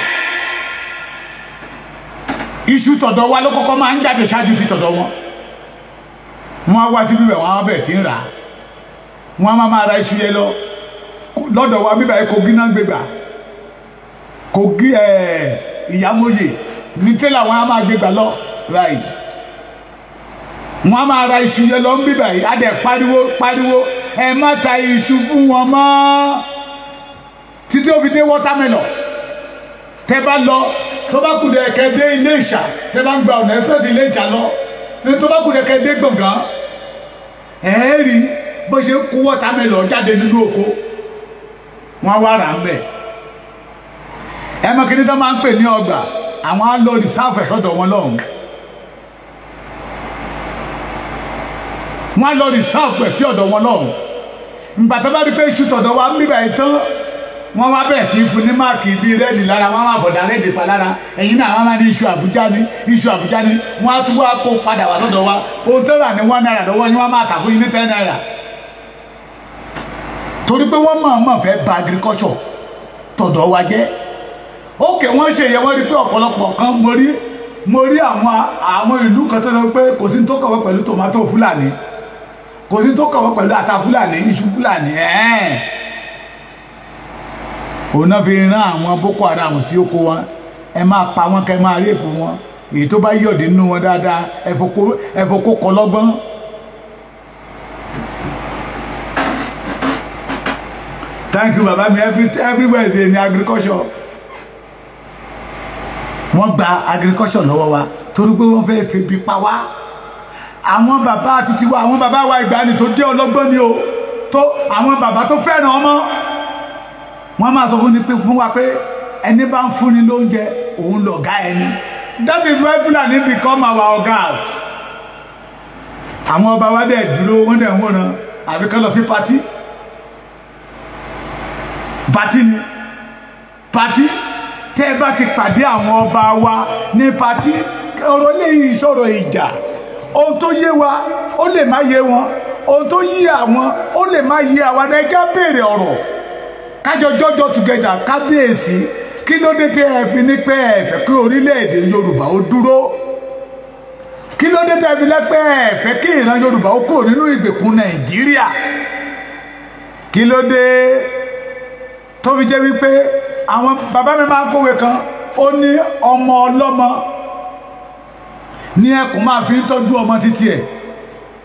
iṣu tọ̀dọ̀ wa ló kọ́kọ́ máa ń jáde ti tọ̀dọ̀ wọn wọn á wá wọn á bẹ̀ sí wọn á máa ra wa bíbẹ̀ Kogi náà gbégbà Kogi ẹ̀ ìyàmóye ní tẹ́lẹ̀ á máa gbégbà wọ́n máa ra iṣu yẹn lọ ń bíbà yìí á pariwo pariwo ẹ má ta iṣu fún wọn mọ́ títí ó fi dé bá lọ tó bá kù dé ilé ìṣà bá ń gba ọ̀nà express ilé ìṣà lọ ní tó bá kù dẹ̀ kẹ́ dé gbọ̀ngàn bó ṣe kó wọ́támẹ́lọ̀ jáde nínú oko wá rà ń ẹ kí ni tó máa ń pè ní wọn wọ́n á lọ rìsáàpù ẹ̀ sí ọ̀dọ̀ wọn lọrùn ìgbà tó bá rí pé iṣu tọ̀dọ̀ wa ń bíbà yìí wọ́n wá bẹ̀rẹ̀ sí fún ní máàkì bíi rẹ́ẹ̀dì lára wọ́n wá bọ̀dà rẹ́ẹ̀dì pa lára ẹ̀yìn náà wọ́n máa ní iṣu àbújá padà wá sọ́dọ̀ wa ohun tó rà ní one naira lọ́wọ́ ni wọ́n máa tà fún yín ní torí pé wọ́n máa mọ̀ fẹ́ ba agriculture tọ̀dọ̀ wa jẹ́ ókè wọ́n ṣe ìyẹn wọ́n rí pé ọ̀pọ̀lọpọ̀ kan mo rí àwọn àwọn ìlú kan tó pé kò kò sí tó kàn pẹ̀lú ata iṣu fúlàní ẹ̀ẹ́n òun náà fi rán àwọn boko haram sí oko wọn ẹ máa pa wọn kẹ máa réèpù wọn èyí tó bá yọ̀dí nínú wọn dáadáa ẹ̀fọ́kó kọ lọ́gbọ́n. thank you baba mi every everywhere is in agriculture wọ́n gba agriculture lọ́wọ́ wa torí pé wọ́n fẹ́ febi pa wá àwọn bàbá àti tiwa àwọn bàbá wa ìgbàanì tó jẹ́ ọlọ́gbọ́n ni o tó àwọn bàbá tó fẹ́ràn ọmọ wọ́n máa sọ fún pé fún wa pé ẹni bá ń fúnni lóúnjẹ òun lọ̀gá ẹni that is why Fulani become our ọ̀gáàs àwọn ọba wa dẹ̀ dúró wọ́n dẹ̀ wọ́nà àbí kán lọ sí pati pati ni pati tẹ́ ẹ bá ti pàdé àwọn ọba wa ní pati ọ̀rọ̀ lẹ́yìn ìṣòro ìjà ohun tó yé wa ó lè má yé wọn ohun tó yé àwọn ó lè má yé àwa náà ká béèrè ọ̀rọ̀ kájọ jọjọ together kábíyèsí kí ló dé tẹ ẹ fi ní pé ẹ fẹ́ kí orílẹ̀-èdè Yorùbá ó dúró kí ló dé tẹ ẹ fi lẹ́pẹ́ ẹ fẹ́ kí ìran Yorùbá ó kúrò nínú ìgbèkùn Nàìjíríà kí ló dé tó fi jẹ́ wípé àwọn bàbá mi máa ń kówé kan ó ní ọmọ ọlọ́mọ ní ẹkùn máa fi ń tọ́jú ọmọ títí ẹ̀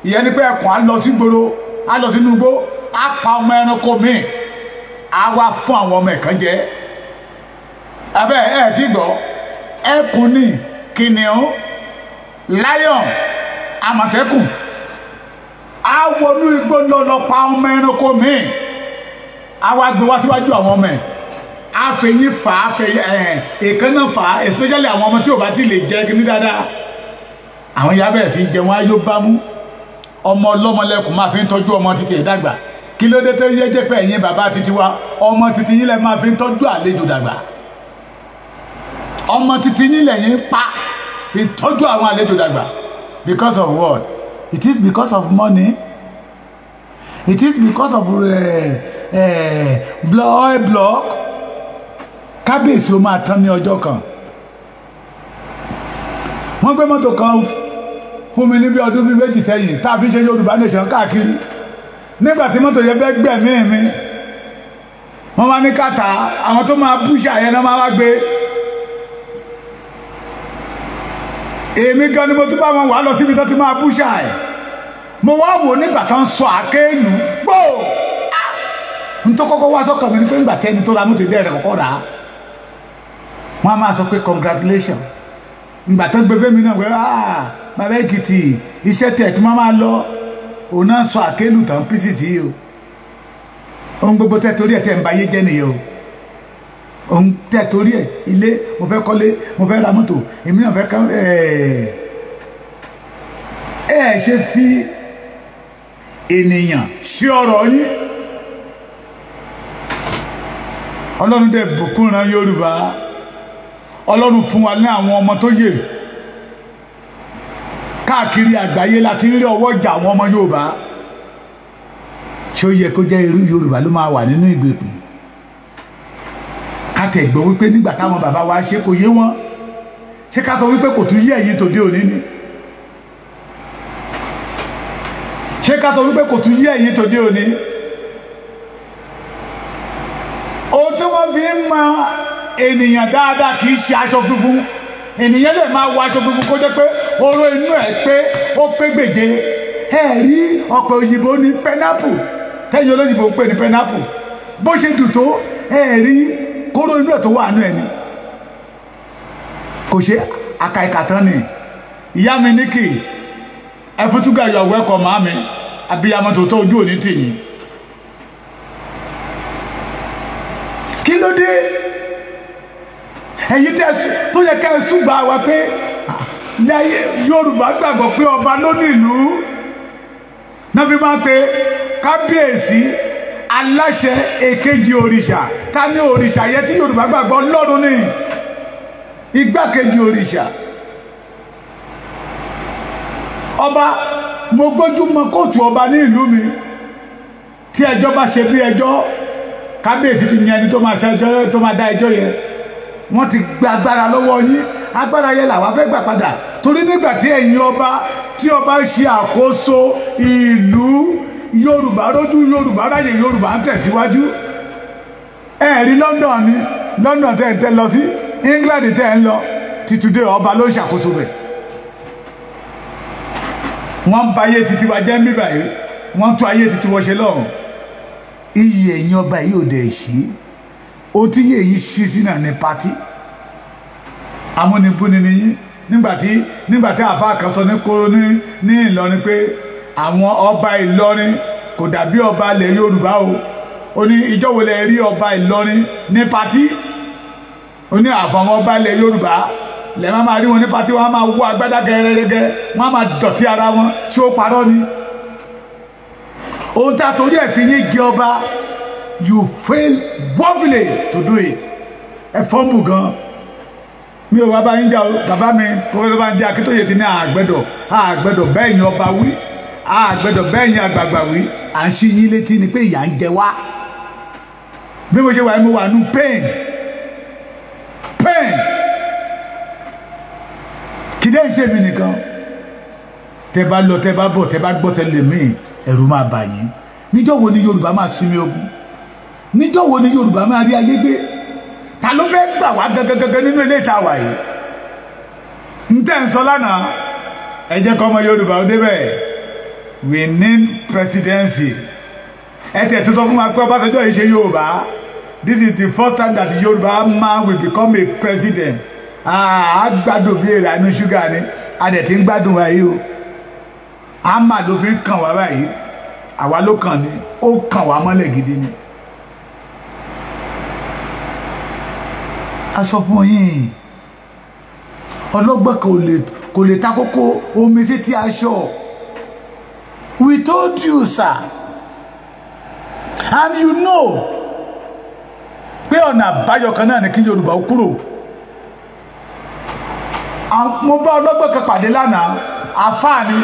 ìyẹn ni pé ẹkùn á lọ sí gbòòrò á lọ sínú igbó á pa ọmọ ẹranko míì á wá fún àwọn ọmọ ẹ̀kan jẹ abẹ́ ẹ̀ ti gbọ́ ẹkùn ni kìnìún lion àmọ̀tẹ́kùn á wọnú igbó lọ lọ pa ọmọ ẹranko míì á wá gbé wá síwájú àwọn ọmọ ẹ̀ á fẹ̀yìn fà á fẹ̀yìn ẹ̀ èkánná fà á especially àwọn ọmọ tí ò bá ti lè jẹ́ kí ní dáadáa àwọn ìyá bẹ̀rẹ̀ sí jẹun ayó bámú ọmọ ọlọ́mọ máa fi ń tọ́jú ọmọ títí ẹ̀ kí ló dé tó yẹ jẹ́ pé ẹ̀yin bàbá títí wa ọmọ títí yín lẹ máa fi ń tọ́jú àlejò dàgbà ọmọ títí yín lẹ̀yìn ń pa fi tọ́jú àwọn àlejò dàgbà because of what it is because of money it is because of uh, uh, oil block kábíyèsí ó máa tán ní ọjọ́ kan wọ́n gbé mọ́tò kan fún mi ní bí ọdún bíi méjì sẹ́yìn tàbí ṣe Yorùbá nation káàkiri nígbà tí mọ́tò yẹn bẹ́ gbẹ̀mí mi wọ́n máa ní kàtà àwọn tó máa búṣà yẹn náà máa wá gbé èmi gan ni mo tún bá wọn wà lọ síbi tó ti máa búṣà ẹ̀ mo wá wò nígbà tó ń sọ àkéènù gbòò ntọ́kọ́kọ́ wá sọ́kàn mi ni pé ńgbà tẹ́ni tó ra mọ́tò ìdẹ́rẹ̀ kọ́kọ́ rà á wọ́n á máa sọ pé congratulations ìgbà tó gbẹgbẹ́ mi náà pé ah bàbá èkìtì iṣẹ́ tẹ̀ tí wọ́n máa lọ òun náà sọ àkélù tán pcc yìí o ohun gbogbo tẹ́ torí ẹ̀ tẹ́ ń ba ayé jẹ́ nìyẹn o ohun tẹ́ torí ẹ̀ ilé mo fẹ́ kọ́lé mo fẹ́ ra mọ́tò èmi náà fẹ́ ká ẹ ẹ ṣe fi ènìyàn sí ọ̀rọ̀ yín ọlọ́run dẹ̀ bùkún ran yorùbá ọlọ́run fún wa ní àwọn ọmọ tó yè káàkiri àgbáyé la ti ń rí ọwọ́ ìjà àwọn ọmọ Yorùbá ṣé ó yẹ kó jẹ́ irú Yorùbá ló máa wà nínú ìgbèkùn ká tẹ̀ gbọ́ wípé nígbà táwọn bàbá wa ṣe kò yé wọn ṣé ká sọ wípé kò tún yé ẹ̀yin tòde òní ni ṣé ká sọ wípé kò tún yé ẹ̀yin tòde òní ohun tí wọ́n fi ń máa. ènìyàn dáadáa kì í ṣe aṣọ funfun ènìyàn lè máa wọ aṣọ funfun kó jẹ́ pé oró inú ẹ̀ pé ó pé ẹ rí ọ̀pẹ̀ òyìnbó ní pẹ́nápù tẹ́yìn olóyìnbó ń pè ní pẹ́nápù bó ṣe dùn tó ẹ rí kóró inú ẹ̀ tó wà ẹ ni ẹ̀yin tẹ́ tó yẹ ká ẹ súgbà wá pé yorùbá gbàgbọ́ pé ọba ló nílùú náà fi máa pe kábíyèsí aláṣẹ èkejì òrìṣà ta ní òrìṣà yẹ tí yorùbá gbàgbọ́ lọ́dún ní igbákejì òrìṣà ọba mo gbójú mọ kóòtù ọba ní ìlú mi tí ẹjọ́ bá ṣe bí ẹjọ́ kábíyèsí ti yan ẹni tó máa ṣe ẹjọ́ tó máa dá ẹjọ́ yẹn wọ́n ti gba agbára lọ́wọ́ yín agbára yẹn làwa fẹ́ gbà padà torí nígbà tí ẹ̀yin ọba tí ọba ń ṣe àkóso ìlú yorùbá rójú yorùbá ráyè yorùbá ń tẹ̀síwájú ẹ rí london ni london tẹ́ ẹ lọ sí england tẹ́ ẹ ń lọ títúndé ọba ló ń ṣàkóso bẹ̀ wọ́n ń ba ayé titi wa jẹ́ ń bíbà yìí wọ́n ń tún ayé títí wọ́n ṣe lọ́hùn iyì ẹ̀yin ọba yìí ò dẹ̀ ṣe é otí yèyí ṣí sínú ní pati amúnibúni nìyí nígbàtí nígbàtí àbá kan sọ ní koro ní ní Ìlọrin pé àwọn ọba Ìlọrin kò dàbí ọba ilẹ̀ Yorùbá o ó ní ìjọ wo lẹ rí ọba Ìlọrin ní pati ó ní àfọwọn ọba ilẹ̀ Yorùbá lẹ má máa rí wọn ní pati wọn á máa wọ agbádá gẹrẹgẹ wọn á máa dọ̀tí ara wọn ṣé ó parọ́ ni ohun tá a torí ẹ̀ fi yín jẹ ọba you fail woefully to do it ẹ fọ́nbù gan mi ò wá bá yín jà o bàbá mi pọ́fẹ́sọ́ bá ń jẹ́ Akíntóyè ti ní àgbẹ̀dọ̀ àgbẹ̀dọ̀ bẹ́ẹ̀ yan ọba wí àgbẹ̀dọ̀ bẹ́ẹ̀ yan àgbààgbà wí à ń ṣí yín létí ni pé ìyà ń jẹ wá bí mo ṣe wà mo wà nù pain pain kì í dẹ́ ṣe mi nìkan tẹ bá lọ tẹ bá bọ̀ tẹ bá gbọ́ tẹ lè mí ẹ̀rù máa bà yín níjọ́ wo ni Yorùbá máa sinmi ogun níjọ́ ni yorùbá máa rí ayé gbé ta ló fẹ́ gbà wá gangan nínú ilé ìta wà yìí n tẹ́ ń sọ lánàá ẹ jẹ́ kọ́ ọmọ yorùbá ó débẹ̀ we need presidency ẹ tẹ̀ tó sọ fún wa pé ọbásanjọ́ yìí ṣe yorùbá this is the first time that yorùbá man will become a president a gbádùn bí èrè àánú ṣúgà ni a dẹ̀ ti ń gbádùn wa yìí o a máa ló fi kàn wá báyìí àwa ló kàn ni ó kàn wá mọ́lẹ̀ gidi ni. a sọ fún yín ọlọ́gbọ́n kan kò lè ta kókó omi títí aṣọ we told you sir and you know pé ọ̀nà àbáyọ kan náà ni kí Yorùbá ó kúrò mo bá ọlọ́gbọ́n kan pàdé lánàá àfáà ni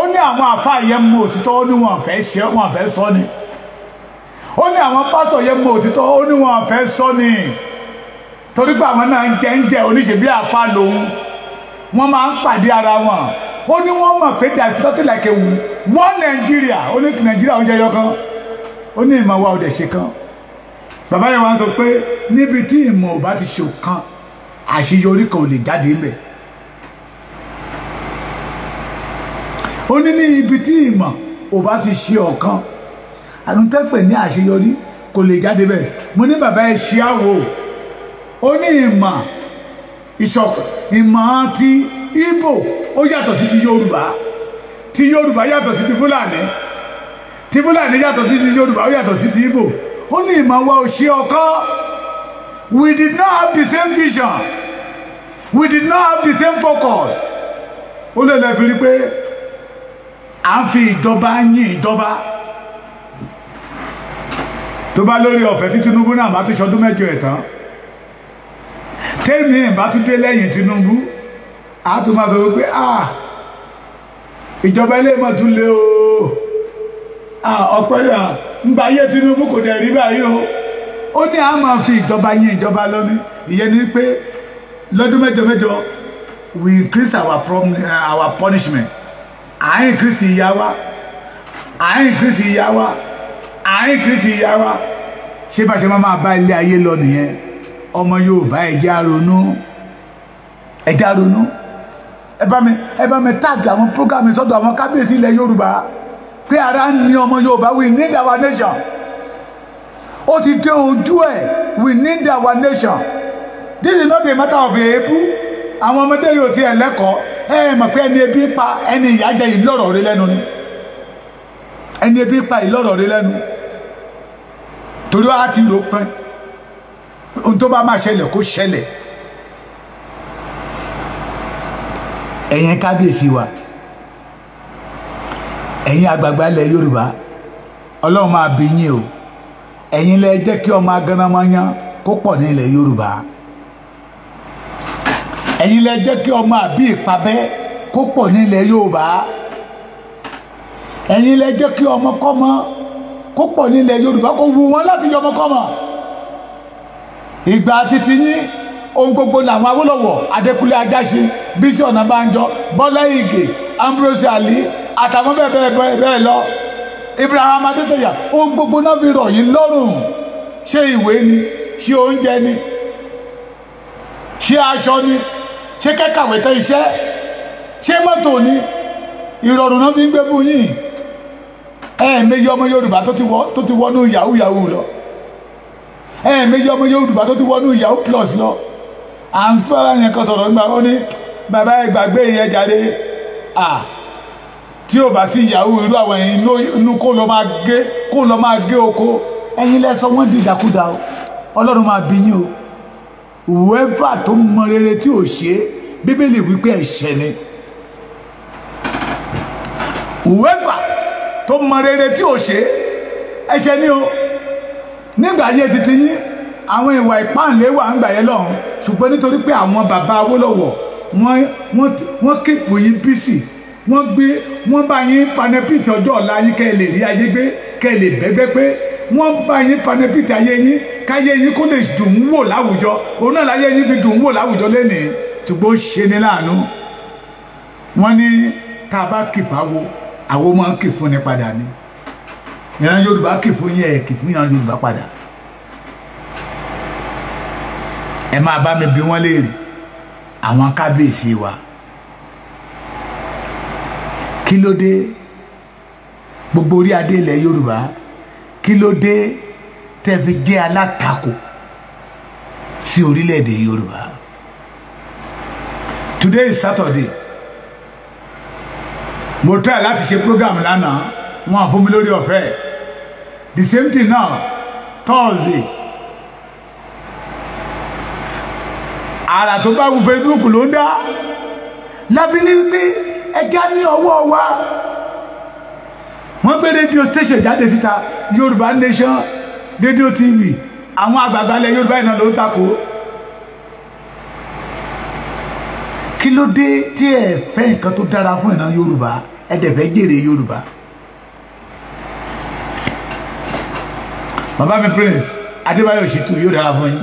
ó ní àwọn àfáà yẹn mú òtítọ́ ó ní wọn fẹ́ sọ ni ó ní àwọn pásítọ̀ yẹn mọ òtítọ́ ó ní wọn fẹ́ sọ ni torí pé àwọn náà ń jẹ ń jẹ oníṣègbè àpá lòun wọ́n máa ń pàdé ara wọn ó ní wọ́n mọ̀ pé dàgbàsókè làkè wù wọ́n nàìjíríà ó ní nàìjíríà ó ń ṣe ẹyọ kan ó ní ìmọ̀ wa ò dẹ̀ ṣe kan bàbá yẹn wá sọ pé níbi tí ìmọ̀ ò bá ti ṣe kan àṣeyọrí kan ò lè jáde ńbẹ̀ ó ní ní ibi tí ìmọ̀ ò bá ti ṣe ọ̀kan àlùntẹ́pẹ̀ ní àṣeyọrí kò lè jáde bẹ́ẹ̀ mo ní bàbá ẹ ṣe àwò ó ní ìmọ̀ ìṣọ̀kọ̀ ìmọ̀ ti Ìgbò ó yàtọ̀ sí ti Yorùbá ti Yorùbá yàtọ̀ sí ti Fúlàní ti Fúlàní yàtọ̀ sí ti Yorùbá ó yàtọ̀ sí ti Ìgbò ó ní ìmọ̀ wa ò ṣe ọkọ́ we did not have the same vision we did not have the same focus ó lè lè fi rí pé à ń fi ìjọba yín ìjọba tó bá lórí ọ̀fẹ́ tí Tinubu náà bá tún ṣọdún mẹ́jọ ẹ̀ tán tẹ́mi bá tún dé lẹ́yìn Tinubu á tún máa sọ pé ah ìjọba ilé mọ̀ tún lé o ah ọ̀pẹ́ yà ń ba ayé Tinubu kò dẹ̀ rí báyìí o ó ní a máa fi ìjọba yín ìjọba lọ́ní ìyẹn ni pé lọ́dún mẹ́jọ mẹ́jọ we increase our, prom, uh, our punishment à ń increase ìyá wa à ń increase ìyá wa àárín kìí ti yá wa ṣé bá ṣe máa bá ilé ayé lọ nìyẹn ọmọ Yorùbá ẹjẹ́ àrònú ẹjẹ́ àrònú ẹ bá mi ẹ bá mi táàgì àwọn prógámì sọ́dọ̀ àwọn kábíyèsí ilẹ̀ Yorùbá pé ara ń ní ọmọ Yorùbá we need our nation ó ti dé ojú ẹ̀ we need our nation this is not a matter of èébú àwọn ọmọdé yóò ti ẹ̀ lẹ́kọ̀ọ́ ẹ mọ̀ pé ẹni ebi pa ẹni ìyá jẹ ìlọ́rọ̀ rí lẹ́nu ni ẹni ebi pa ìlọ́rọ̀ rí lẹ́nu ni torí wàá ti lò pẹ́ ohun tó bá máa ṣẹlẹ̀ kó ṣẹlẹ̀ ẹ̀yin kábíyèsí wa ẹ̀yin àgbààgbà ilẹ̀ Yorùbá ọlọ́run máa bí yín o ẹ̀yin lẹ jẹ́ kí ọmọ aganamọ́yán kó pọ̀ ní ilẹ̀ Yorùbá ẹ̀yin lẹ jẹ́ kí ọmọ àbí ìpabẹ́ kó pọ̀ ní ilẹ̀ Yorùbá ẹ̀yin lẹ jẹ́ kí ọmọ kọ́mọ́ kó pọ̀ nílẹ̀ Yorùbá kó wu wọn láti yọmọ kọ́mọ ìgbà títí yín ohun gbogbo làwọn Awólọ́wọ̀ Adékúnlé Ajáṣin Bísí Ọ̀nàbánjọ Bọ́lá Ìgè Ambrose Ali àtàwọn bẹ́ẹ̀ bẹ́ẹ̀ bẹ́ẹ̀ lọ Ibrahim Adétẹ̀yà ohun gbogbo náà fi rọ̀ lọ́rùn ṣé ìwé ni ṣé oúnjẹ ni ṣé aṣọ ni ṣé kẹ́kàwé tẹ iṣẹ́ ṣé mọ́tò ni ìrọ̀rùn náà fi ń gbé fún yín ẹ̀ẹ̀mẹyọ ọmọ yorùbá tó ti wọnú yahoo yahoo lọ ẹ̀ẹ̀mẹyọ ọmọ yorùbá tó ti wọnú yahoo plus lọ à ń fẹ́ra yẹn kan sọ̀rọ̀ nígbà wọn ní bàbá ìgbàgbé yẹn jáde à tí ò bá sí yahoo irú àwọn ẹ̀yìn inú kó lọ máa gé kó lọ máa gé oko ẹ̀yin lẹ́sọ wọ́n di ìdàkudà o ọlọ́run máa bí yín o wẹ́fà tó mọ rere tí ò ṣe bíbélì wípé ẹ̀ṣẹ̀ ni wẹ́fà tó mọ rere tí ò ṣe ẹ̀ṣẹ̀ ni o nígbà ayé titi yín àwọn ìwà ìpáǹlé wà ń gbà yẹn lọ́hùn ṣùgbọ́n nítorí pé àwọn bàbá Awólọ́wọ̀ wọ́n kéèpù yín bísì wọ́n gbé wọ́n bá yín panẹ́pìtì ọjọ́ ọ̀la yín kẹ́ ẹ lè rí ayé gbé kẹ́ ẹ lè bẹ́gbẹ́ pé wọ́n bá yín panẹ́pìtì ayé yín káyé yín kó lè dùn ún wò láwùjọ òun náà láyé yín fi dùn ún wò láwùjọ lénìí ṣùgbọ́n ó ṣe ni láàánú wọ́n ní tá a bá kìpa wo àwọn ọmọ kì fún ni padà ni ìran Yorùbá kì fún yín ẹ̀ kì fún ìran Yorùbá padà ẹ máa bá mi bí wọ́n léèrè àwọn kábíyèsí wa kí ló dé gbogbo orí adé ilẹ̀ Yorùbá kí ló dé tẹ́ fi jẹ́ alátakò sí orílẹ̀-èdè Yorùbá today is Saturday mo try láti ṣe program lánàá wọn á fún mi lórí ọ̀fẹ́ the same thing now. Thursday ara tó bá wù Facebook ló ń dá lábí ní wípé ẹja ní ọwọ́ wa wọ́n gbé rédíò station jáde síta Yorùbá Nation rédíò TV àwọn àgbàgbà ilẹ̀ Yorùbá ìnáwó ló ń takò kí ló dé tí ẹ fẹ́ nǹkan tó dára fún ìran yorùbá ẹ dẹ̀ fẹ́ jèrè yorùbá. bàbá mi prince adébáyọ̀ ṣètò yóò dára fún yín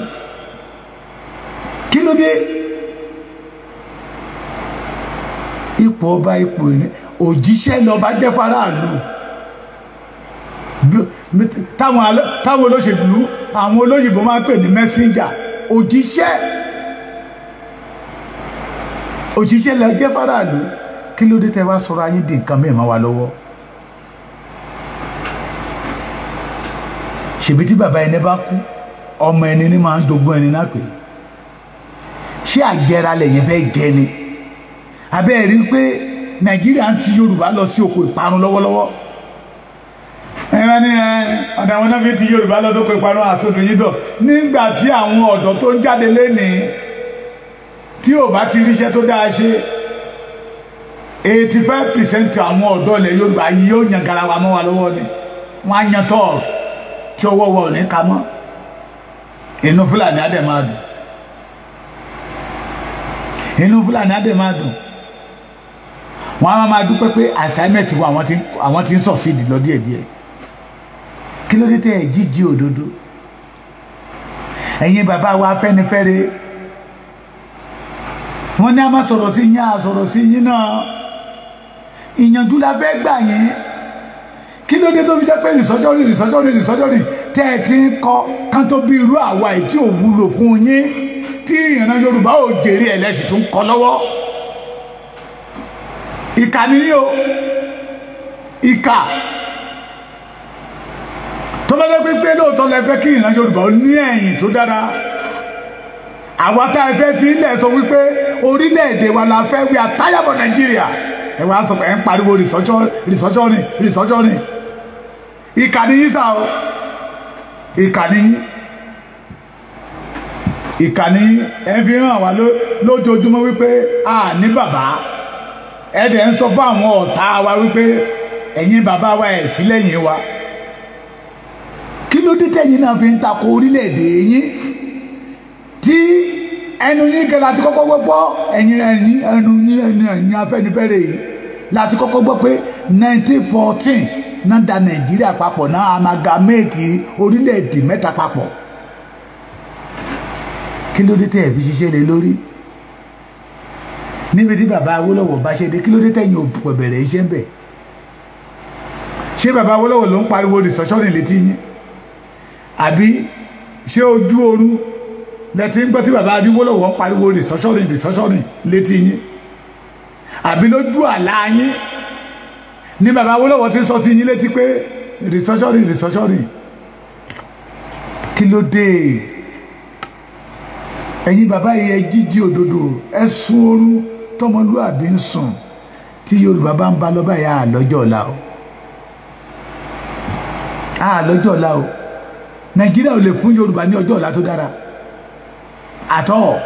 kí ló dé ipò ọba ipò òjíṣẹ́ lọ́ba jẹ́ faraàlú táwọn olóṣèlú àwọn olóyìnbó máa ń pè ní mẹ́síńjà òjíṣẹ́ òjíṣẹ́ la jẹ́ faraàlú kí ló dé tẹ́ wá sọ̀rọ̀ ayé di nǹkan mìíràn wa lọ́wọ́ ṣèbí tí bàbá ẹni bá kú ọmọ ẹni ní máa ń dogun ẹni náà pé ṣé àjẹra lẹ́yìn fẹ́ gẹ ni abẹ́ rí pé nàìjíríà ń ti yorùbá lọ sí oko ìparun lọ́wọ́lọ́wọ́ ẹran ní ẹ ọ̀dà àwọn náà fi ti yorùbá lọ sí oko ìparun àsọdùn yìí dọ̀ nígbà tí àwọn ọ̀dọ́ tó ń jáde lénìí tí ò bá ti ríṣẹ́ tó dáa ṣe eighty five percent àwọn ọ̀dọ́ ilẹ̀ Yorùbá yóò yan garawa mọ́ wa lọ́wọ́ ni wọ́n á yan tọ́ọ̀ tí ọwọ́ wọ̀ ní ka mọ́ inú Fúlàní á dẹ̀ máa dùn inú Fúlàní á dẹ̀ máa dùn wọ́n á máa dúpẹ́ pé assignment wa àwọn ti ń sọ̀sídìí lọ díẹ̀díẹ̀ kí ló dé tẹ́ ẹ̀ jíjí òdodo ẹ̀yin bàbá wa Afẹ́nifẹ́re wọ́n ní a máa sọ̀rọ̀ sí yín a sọ̀rọ̀ sí yín náà ìyànjú la fẹ́ gbà yín kí ló dé tó fi jẹ́ pé rìsọ́jọ́rì rìsọ́jọ́rì rìsọ́jọ́rì tẹ́ ẹ ti ń kọ́ kán tó bí irú àwa yìí tí ò wúlò fún yín tí ìran Yorùbá ò jèrè ẹlẹ́sìn tó ń kọ́ lọ́wọ́ ìkà nìyí o ìkà tó bá lóòótọ́ lẹ kí ìran Yorùbá ó ní ẹ̀yìn tó dára àwa tá a fẹ́ fi ilẹ̀ sọ wípé orílẹ̀-èdè wa la fẹ́ wí àtayàbọ̀ Nigeria ẹ wá sọ ẹ ń pariwo rìsọ́jọ́rìn rìsọ́jọ́rìn ìkànnì yìí sá o ìkànnì ìkànnì ẹ fi hàn wá lójoojúmọ́ wípé a ní bàbá ẹ dẹ̀ ń sọ fún wa wípé ẹ̀yin bàbá wa ẹ̀ wa kí ló dé fi ń takò orílẹ̀ tí ẹnu yín kẹ láti kọ́kọ́ gbọ́ ẹ̀yin ẹ̀yin ẹnu yín ẹnu ẹ̀yin Afẹ́nifẹ́re yìí láti kọ́kọ́ gbọ́ pé nineteen fourteen náà da Nàìjíríà papọ̀ náà amagamẹ́ẹ̀tì orílẹ̀-èdè mẹ́ta papọ̀ kí ló dé tẹ́ ẹ̀ fi ṣiṣẹ́ lé lórí níbi tí bàbá Awólọ́wọ̀ bá ṣe dé kí ló dé tẹ̀yìn òpò bẹ̀rẹ̀ iṣẹ́ ń bẹ̀ ṣé bàbá Awólọ́wọ̀ ló ń pariwo rìsọ́ṣọ́rìn létí yín àbí ṣé ojú oorun lẹ́tí ń gbọ́ tí bàbá Adéwọ́lọ́wọ́ ń pariwo rìsọ́ṣọ́rìn rìsọ́ṣọ́rìn létí yín àbí lójú àlá yín ní bàbá Awólọ́wọ̀ ti sọ sí yín létí pé rìsọ́ṣọ́rìn rìsọ́ṣọ́rìn kí ló dé ẹ̀yin bàbá yìí ẹ jíjí òdodo ẹ sùn oorun tọmọlúàbí ń sùn tí Yorùbá bá ń ba lọ́ba yà á lọ́jọ́ ọ̀la o á lọ́jọ́ ọ̀la o Nàìjíríà ò lè fún Yorùbá ní ọjọ́ ọ̀la tó dára at all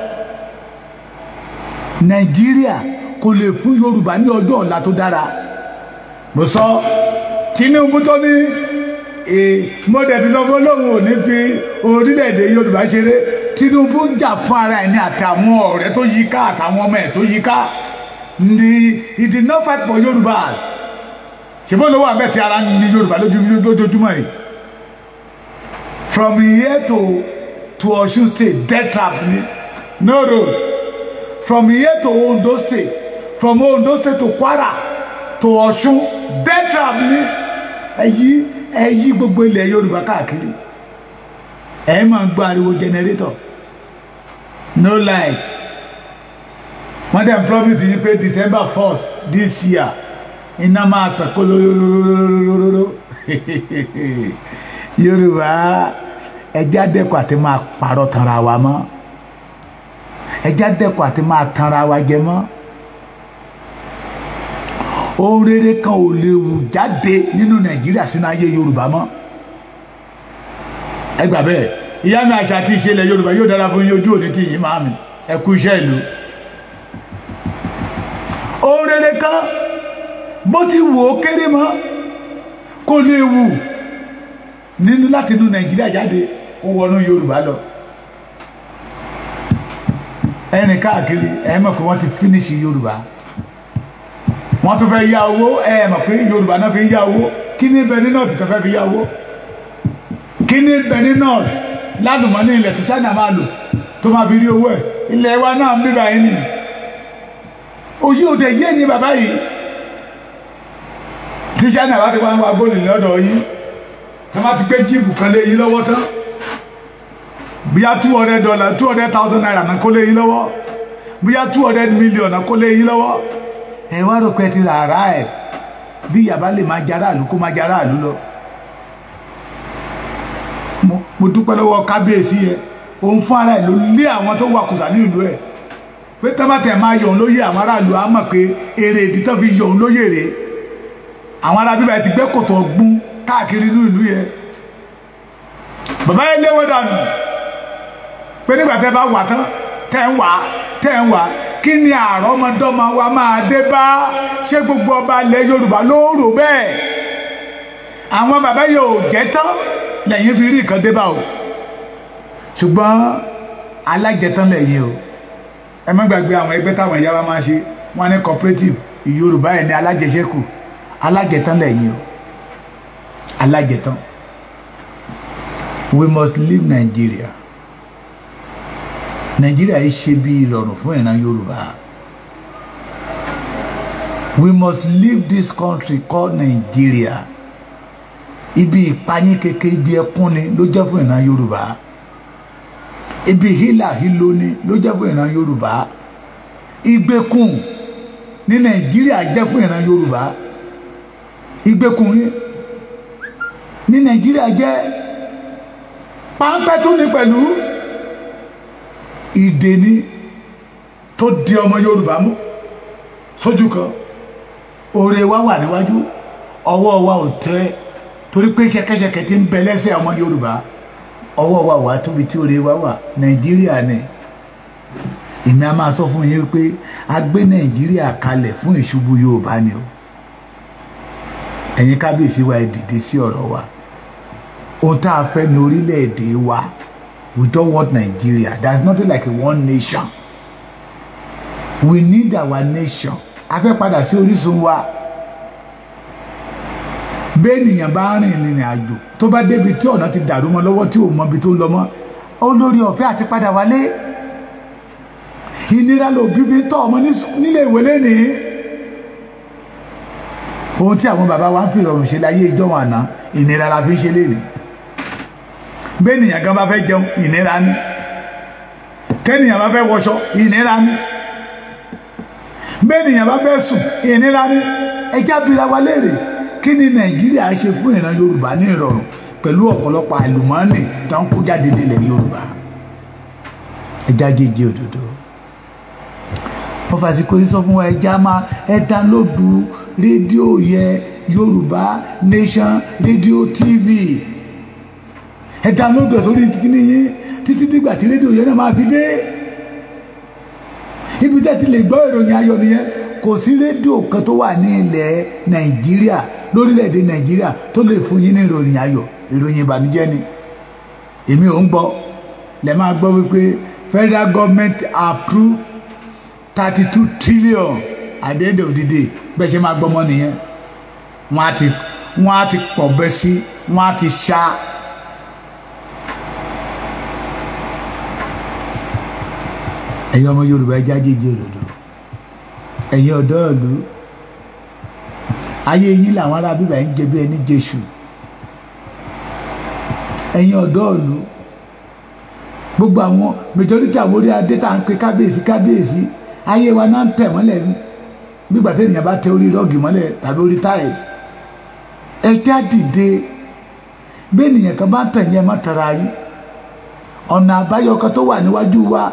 nàìjíríà kò lè fún yorùbá ní ọjọ́ ọ̀la tó dára mo sọ tinubu tó ní mo dẹ̀bi lọ́gbọ́n lóhùn ò ní fi orílẹ̀-èdè yorùbá ṣeré tinubu ń jà fún ara ẹ̀ ní àtàwọn ọ̀rẹ́ tó yí ká àtàwọn ọmọ ẹ̀ tó yí ká ni he did not fight for yorùbá ṣùgbọ́n ló wà mẹ́tì ara ní yorùbá lójoojúmọ́ yìí from here to to Osun State, death trap. No road. From here to Ondo State, from Ondo State to Kwara, to Osun, death trap ni. Ẹyí ẹyí gbogbo ilẹ̀ Yorùbá káàkiri. Ẹ máa ń gbọ́ ariwo generator. No light. Wọ́n dẹ̀ promise yín pé December first this year iná máa tàn kólóróróróróró. Yorùbá ẹjẹ́ adẹ́kọ̀ àti máa parọ́ tanra wa mọ́ ẹjẹ́ adẹ́kọ̀ àti máa tanra wa jẹ mọ́ ohun rere kan ò lè wù jáde nínú nàìjíríà sínú ayé yorùbá mọ́ ẹ gbà bẹ́ẹ̀ ìyá mi àṣà àti ìṣe ilẹ̀ yorùbá yóò dára fún yín ojú òní tí yìí máa mi ẹ kú iṣẹ́ ìlú ohun rere kan bó ti wù ó kéré mọ́ kò lè wù nínú láti inú nàìjíríà jáde ó wọnú Yorùbá lọ ẹni káàkiri ẹ mọ̀ pé wọ́n ti finish Yorùbá wọ́n tún fẹ́ yá owó ẹ mọ̀ pé Yorùbá náà fi yá owó kí ní bẹ ní north tó fẹ́ fi yá owó kí ní bẹ ní north ládùnmọ́ ní ilẹ̀ tí China máa lò tó máa fi rí owó ẹ̀ ilẹ̀ wa náà ń bíbá yín ni òyí òde yé ni bàbá yìí tí China bá ti wá wá góòlù lọ́dọ̀ yín tó máa ti gbé jíìpù kan lé yín lọ́wọ́ tán. bóyá two hundred dollar two hundred thousand naira na kó lé yín lọ́wọ́ bóyá two hundred million na kó lé yín lọ́wọ́ ẹ wá rò pé ti rà ẹ̀ bí yàrá lè máa jaráàlú kó máa jaráàlú lọ. mo dúpẹ́ lọ́wọ́ kábíyèsí ẹ òun fún ara ló lé àwọn tó ní ìlú pé tẹ́mátẹ́ máa yọ̀ òun àwọn aráàlú á mọ̀ pé èrè fi yọ̀ òun àwọn ará bíbá ẹ ti káàkiri inú ìlú yẹn bàbá yẹn pé nígbà tẹ́ bá wà tán tẹ́ ń wà tẹ́ ń wà kí ni àrọ́mọdọ́mọ wa máa dé bá ṣé gbogbo ọba ilẹ̀ Yorùbá ló rò bẹ́ẹ̀ àwọn bàbá yóò jẹ́ tán lẹ́yìn fi rí nǹkan dé bá o ṣùgbọ́n alájẹtán lẹ́yìn o ẹ má gbàgbé àwọn ẹgbẹ́ táwọn ìyá wa máa ṣe wọ́n ní cooperative Yorùbá ẹ̀ ní alájẹtán lẹ́yìn o alájẹtán we must leave Nigeria. Nigeria yìí ṣe bí ìrọ̀rùn fún ìran Yorùbá. We must leave this country called Nigeria. Ibi ìpayín keke ibi ẹkún ni ló jẹ́ fún ìran Yorùbá. Ibi hílà hílo ni ló jẹ́ fún ìran Yorùbá. Ìgbèkùn ni Nigeria jẹ́ fún ìran Yorùbá. Ìgbèkùn ní Nàìjíríà jẹ́ páńpẹ́ tún ni pẹ̀lú. ìdèní tó di ọmọ Yorùbá mú sójú kan oore wa wà níwájú ọwọ́ wa ò tẹ torí pé ṣẹkẹṣẹkẹ ti ń bẹ lẹ́sẹ̀ ọmọ Yorùbá ọwọ́ wa wà tóbi tí oore wa wà Nàìjíríà ni èmi a máa sọ fún yín pé a gbé Nàìjíríà kalẹ̀ fún ìṣubú Yorùbá ni o ẹ̀yin kábíyèsí wa ẹ dìde sí ọ̀rọ̀ wa ohun tá a fẹ́ ní orílẹ̀-èdè wa. We don't want Nigeria. There's nothing like a one nation. We need our nation. A fẹ́ padà sí orísun wa. Béènìyàn bá rìn ìrìn àjò tó bá débi tí ọ̀nà ti dàrú mọ́ lọ́wọ́ tí ò mọ ibi tó ń lọ mọ́. Ó lórí lo àti padà wálé. Ìnira ni le tọ́ ni. nílé ìwé lénìí. Ohun tí àwọn bàbá wa ń fi ìrọ̀rùn ṣe láyé ìjọ́wọ̀n àná, ìnira la fi ń ṣe lénìí bẹ́ẹ̀nìyàn kan bá fẹ́ jẹun ìnira ni kẹ́nìyàn bá fẹ́ wọṣọ ìnira ni bẹ́ẹ̀nìyàn bá fẹ́ sùn ìnira ni ẹjẹ́ abira wa léèrè kí ni nàìjíríà ṣe fún ìran yorùbá ní ìrọ̀rùn pẹ̀lú ọ̀pọ̀lọpọ̀ àlùmọ́ọ́nì tó ń kó jáde nílẹ̀ yorùbá ẹjá jẹjẹ òdodo ọfàsíkò yìí sọ fún wa ẹjá máa ẹ dánlódù rédíò yẹ yorùbá nation rédíò tv ẹ download ẹ sórí kíní yín títí dìgbà tí rédíò yẹn náà máa fi dé ibi tẹ́ ti lè gbọ́ ìròyìn ayọ̀ nìyẹn kò sí rédíò kan tó wà ní ilẹ̀ nàìjíríà lórílẹ̀‐èdè nàìjíríà tó lè fún yín ní ìròyìn ayọ̀ ìròyìn ìbànújẹ́ ni èmi ò ń gbọ́ lẹ́ máa gbọ́ wípé federal government approve thirty two trillion at the end of the day bẹ́ẹ̀ ṣe máa gbọ́mọ nìyẹn wọ́n á ti wọ́n á ti pọ̀ bẹ́ sí wọ́n á ti ṣá ẹ̀yin ọmọ Yorùbá ẹja jíjí òdòdó ẹ̀yin ọ̀dọ́ ìlú ayé yín làwọn ará bíbá ń jẹ bí ẹni jésù ẹ̀yin ọ̀dọ́ ìlú gbogbo àwọn majority àwọn orí adé tá à ń pe kábíyèsí kábíyèsí ayé wa náà ń tẹ̀ mọ́lẹ̀ nígbà tí ènìyàn bá tẹ orí rọ́ọ̀gì mọ́lẹ̀ tàbí orí táìsì ẹ já bí ènìyàn kan bá ń tẹ̀yìn ẹ má tara yín ọ̀nà àbáyọ kan tó wà níwájú wa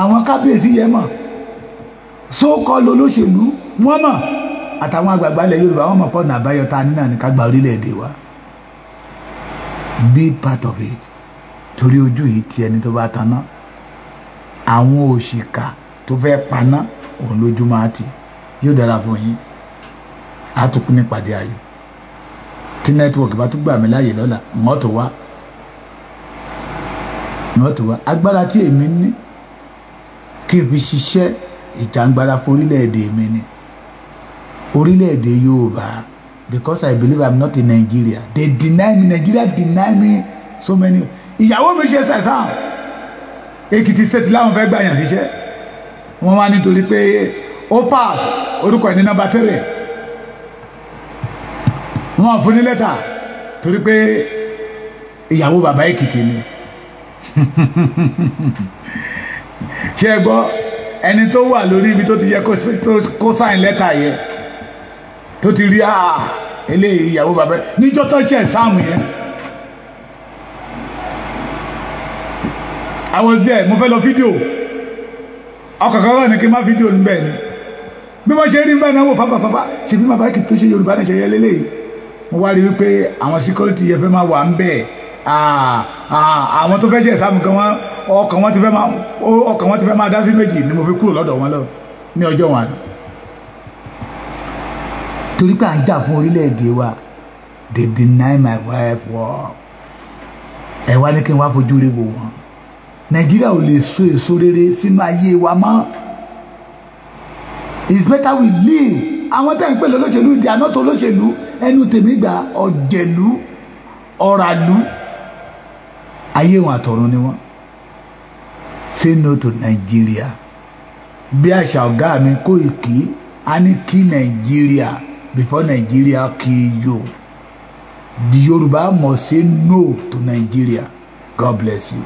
àwọn kábíyèsí yẹn mọ̀ sókọ́ lolóṣèlú wọ́n mọ̀ àtàwọn àgbààgbà ilẹ̀ Yorùbá wọ́n mọ̀ pọ́nà àbáyọ ta nínà ní kágbà orílẹ̀-èdè wa be part of it torí ojú yìí ti ẹni tó bá taná àwọn òṣìkà tó fẹ́ paná òun lójú máa ti yóò dára fún yín àtúkú nípàdé ayò tí nẹ́tíwọ̀kì bá tún gbà mí láàyè lọ́la wọ́n tó wá wọ́n tó wá agbára tí èmi ní kí n fi ṣiṣẹ́ ìjàngbara fún orílẹ̀-èdè mi ni orílẹ̀-èdè Yorùbá because I believe I'm not in Nigeria they deny me Nigeria deny me so many ìyàwó mi ṣe ṣẹ̀ṣàn Èkìtì state láwọn fẹ́ gbàyàn ṣiṣẹ́ wọ́n wá nítorí pé ó pass orúkọ ẹni nọ́mbà tẹ́rẹ̀ wọ́n fún ní lẹ́tà torí pé ìyàwó bàbá Èkìtì ni. ṣé ẹ gbọ́ ẹni tó wà lórí ibi tó ti yẹ kó sáìn lẹ́tà yẹ tó ti rí àà ah, ah, eléyìí ìyàwó bàbá níjọ́ tó ṣe sáàmù yẹn àwọn díẹ̀ mo fẹ́ lọ fídíò ọkọ̀ọ̀kan wà ní kí n má fídíò níbẹ̀ ni bí wọ́n ṣe rí níbẹ̀ náà wò pápápápá ṣe bí bàbá kì í tó ṣe Yorùbá náà ṣe yẹ lélẹ́yìí mo wá rí wípé àwọn síkọ́rìtì yẹn fẹ́ máa wà ń bẹ́ẹ̀ ah, Ah, àwọn tó fẹ́ ṣe ẹ̀sàmù kan wọn ọkàn wọn ti fẹ́ máa ọkàn wọn ti fẹ́ máa dá sí méjì ni mo fi kúrò lọ́dọ̀ wọn lọ ní ọjọ́ wọn. torí pé à ń jà fún orílẹ̀-èdè wa they deny my wife work ẹ wá ní kí n wá fojú rẹ wò wọn nàìjíríà ò lè so èso rere sínú ayé wa mọ́ it's better we live àwọn tẹ́ ń pè lọ́lọ́ṣèlú ìdí ànátọ́ olóṣèlú ẹnu tèmi gbà ọ̀jẹ̀lú ọ̀ràlú ayé wọn àtọ̀run ni wọ́n say no to Nigeria bí àṣà ọ̀gá mi kó ìkí a ní kí Nigeria before Nigeria kill you the Yorùbá must say no to Nigeria God bless you.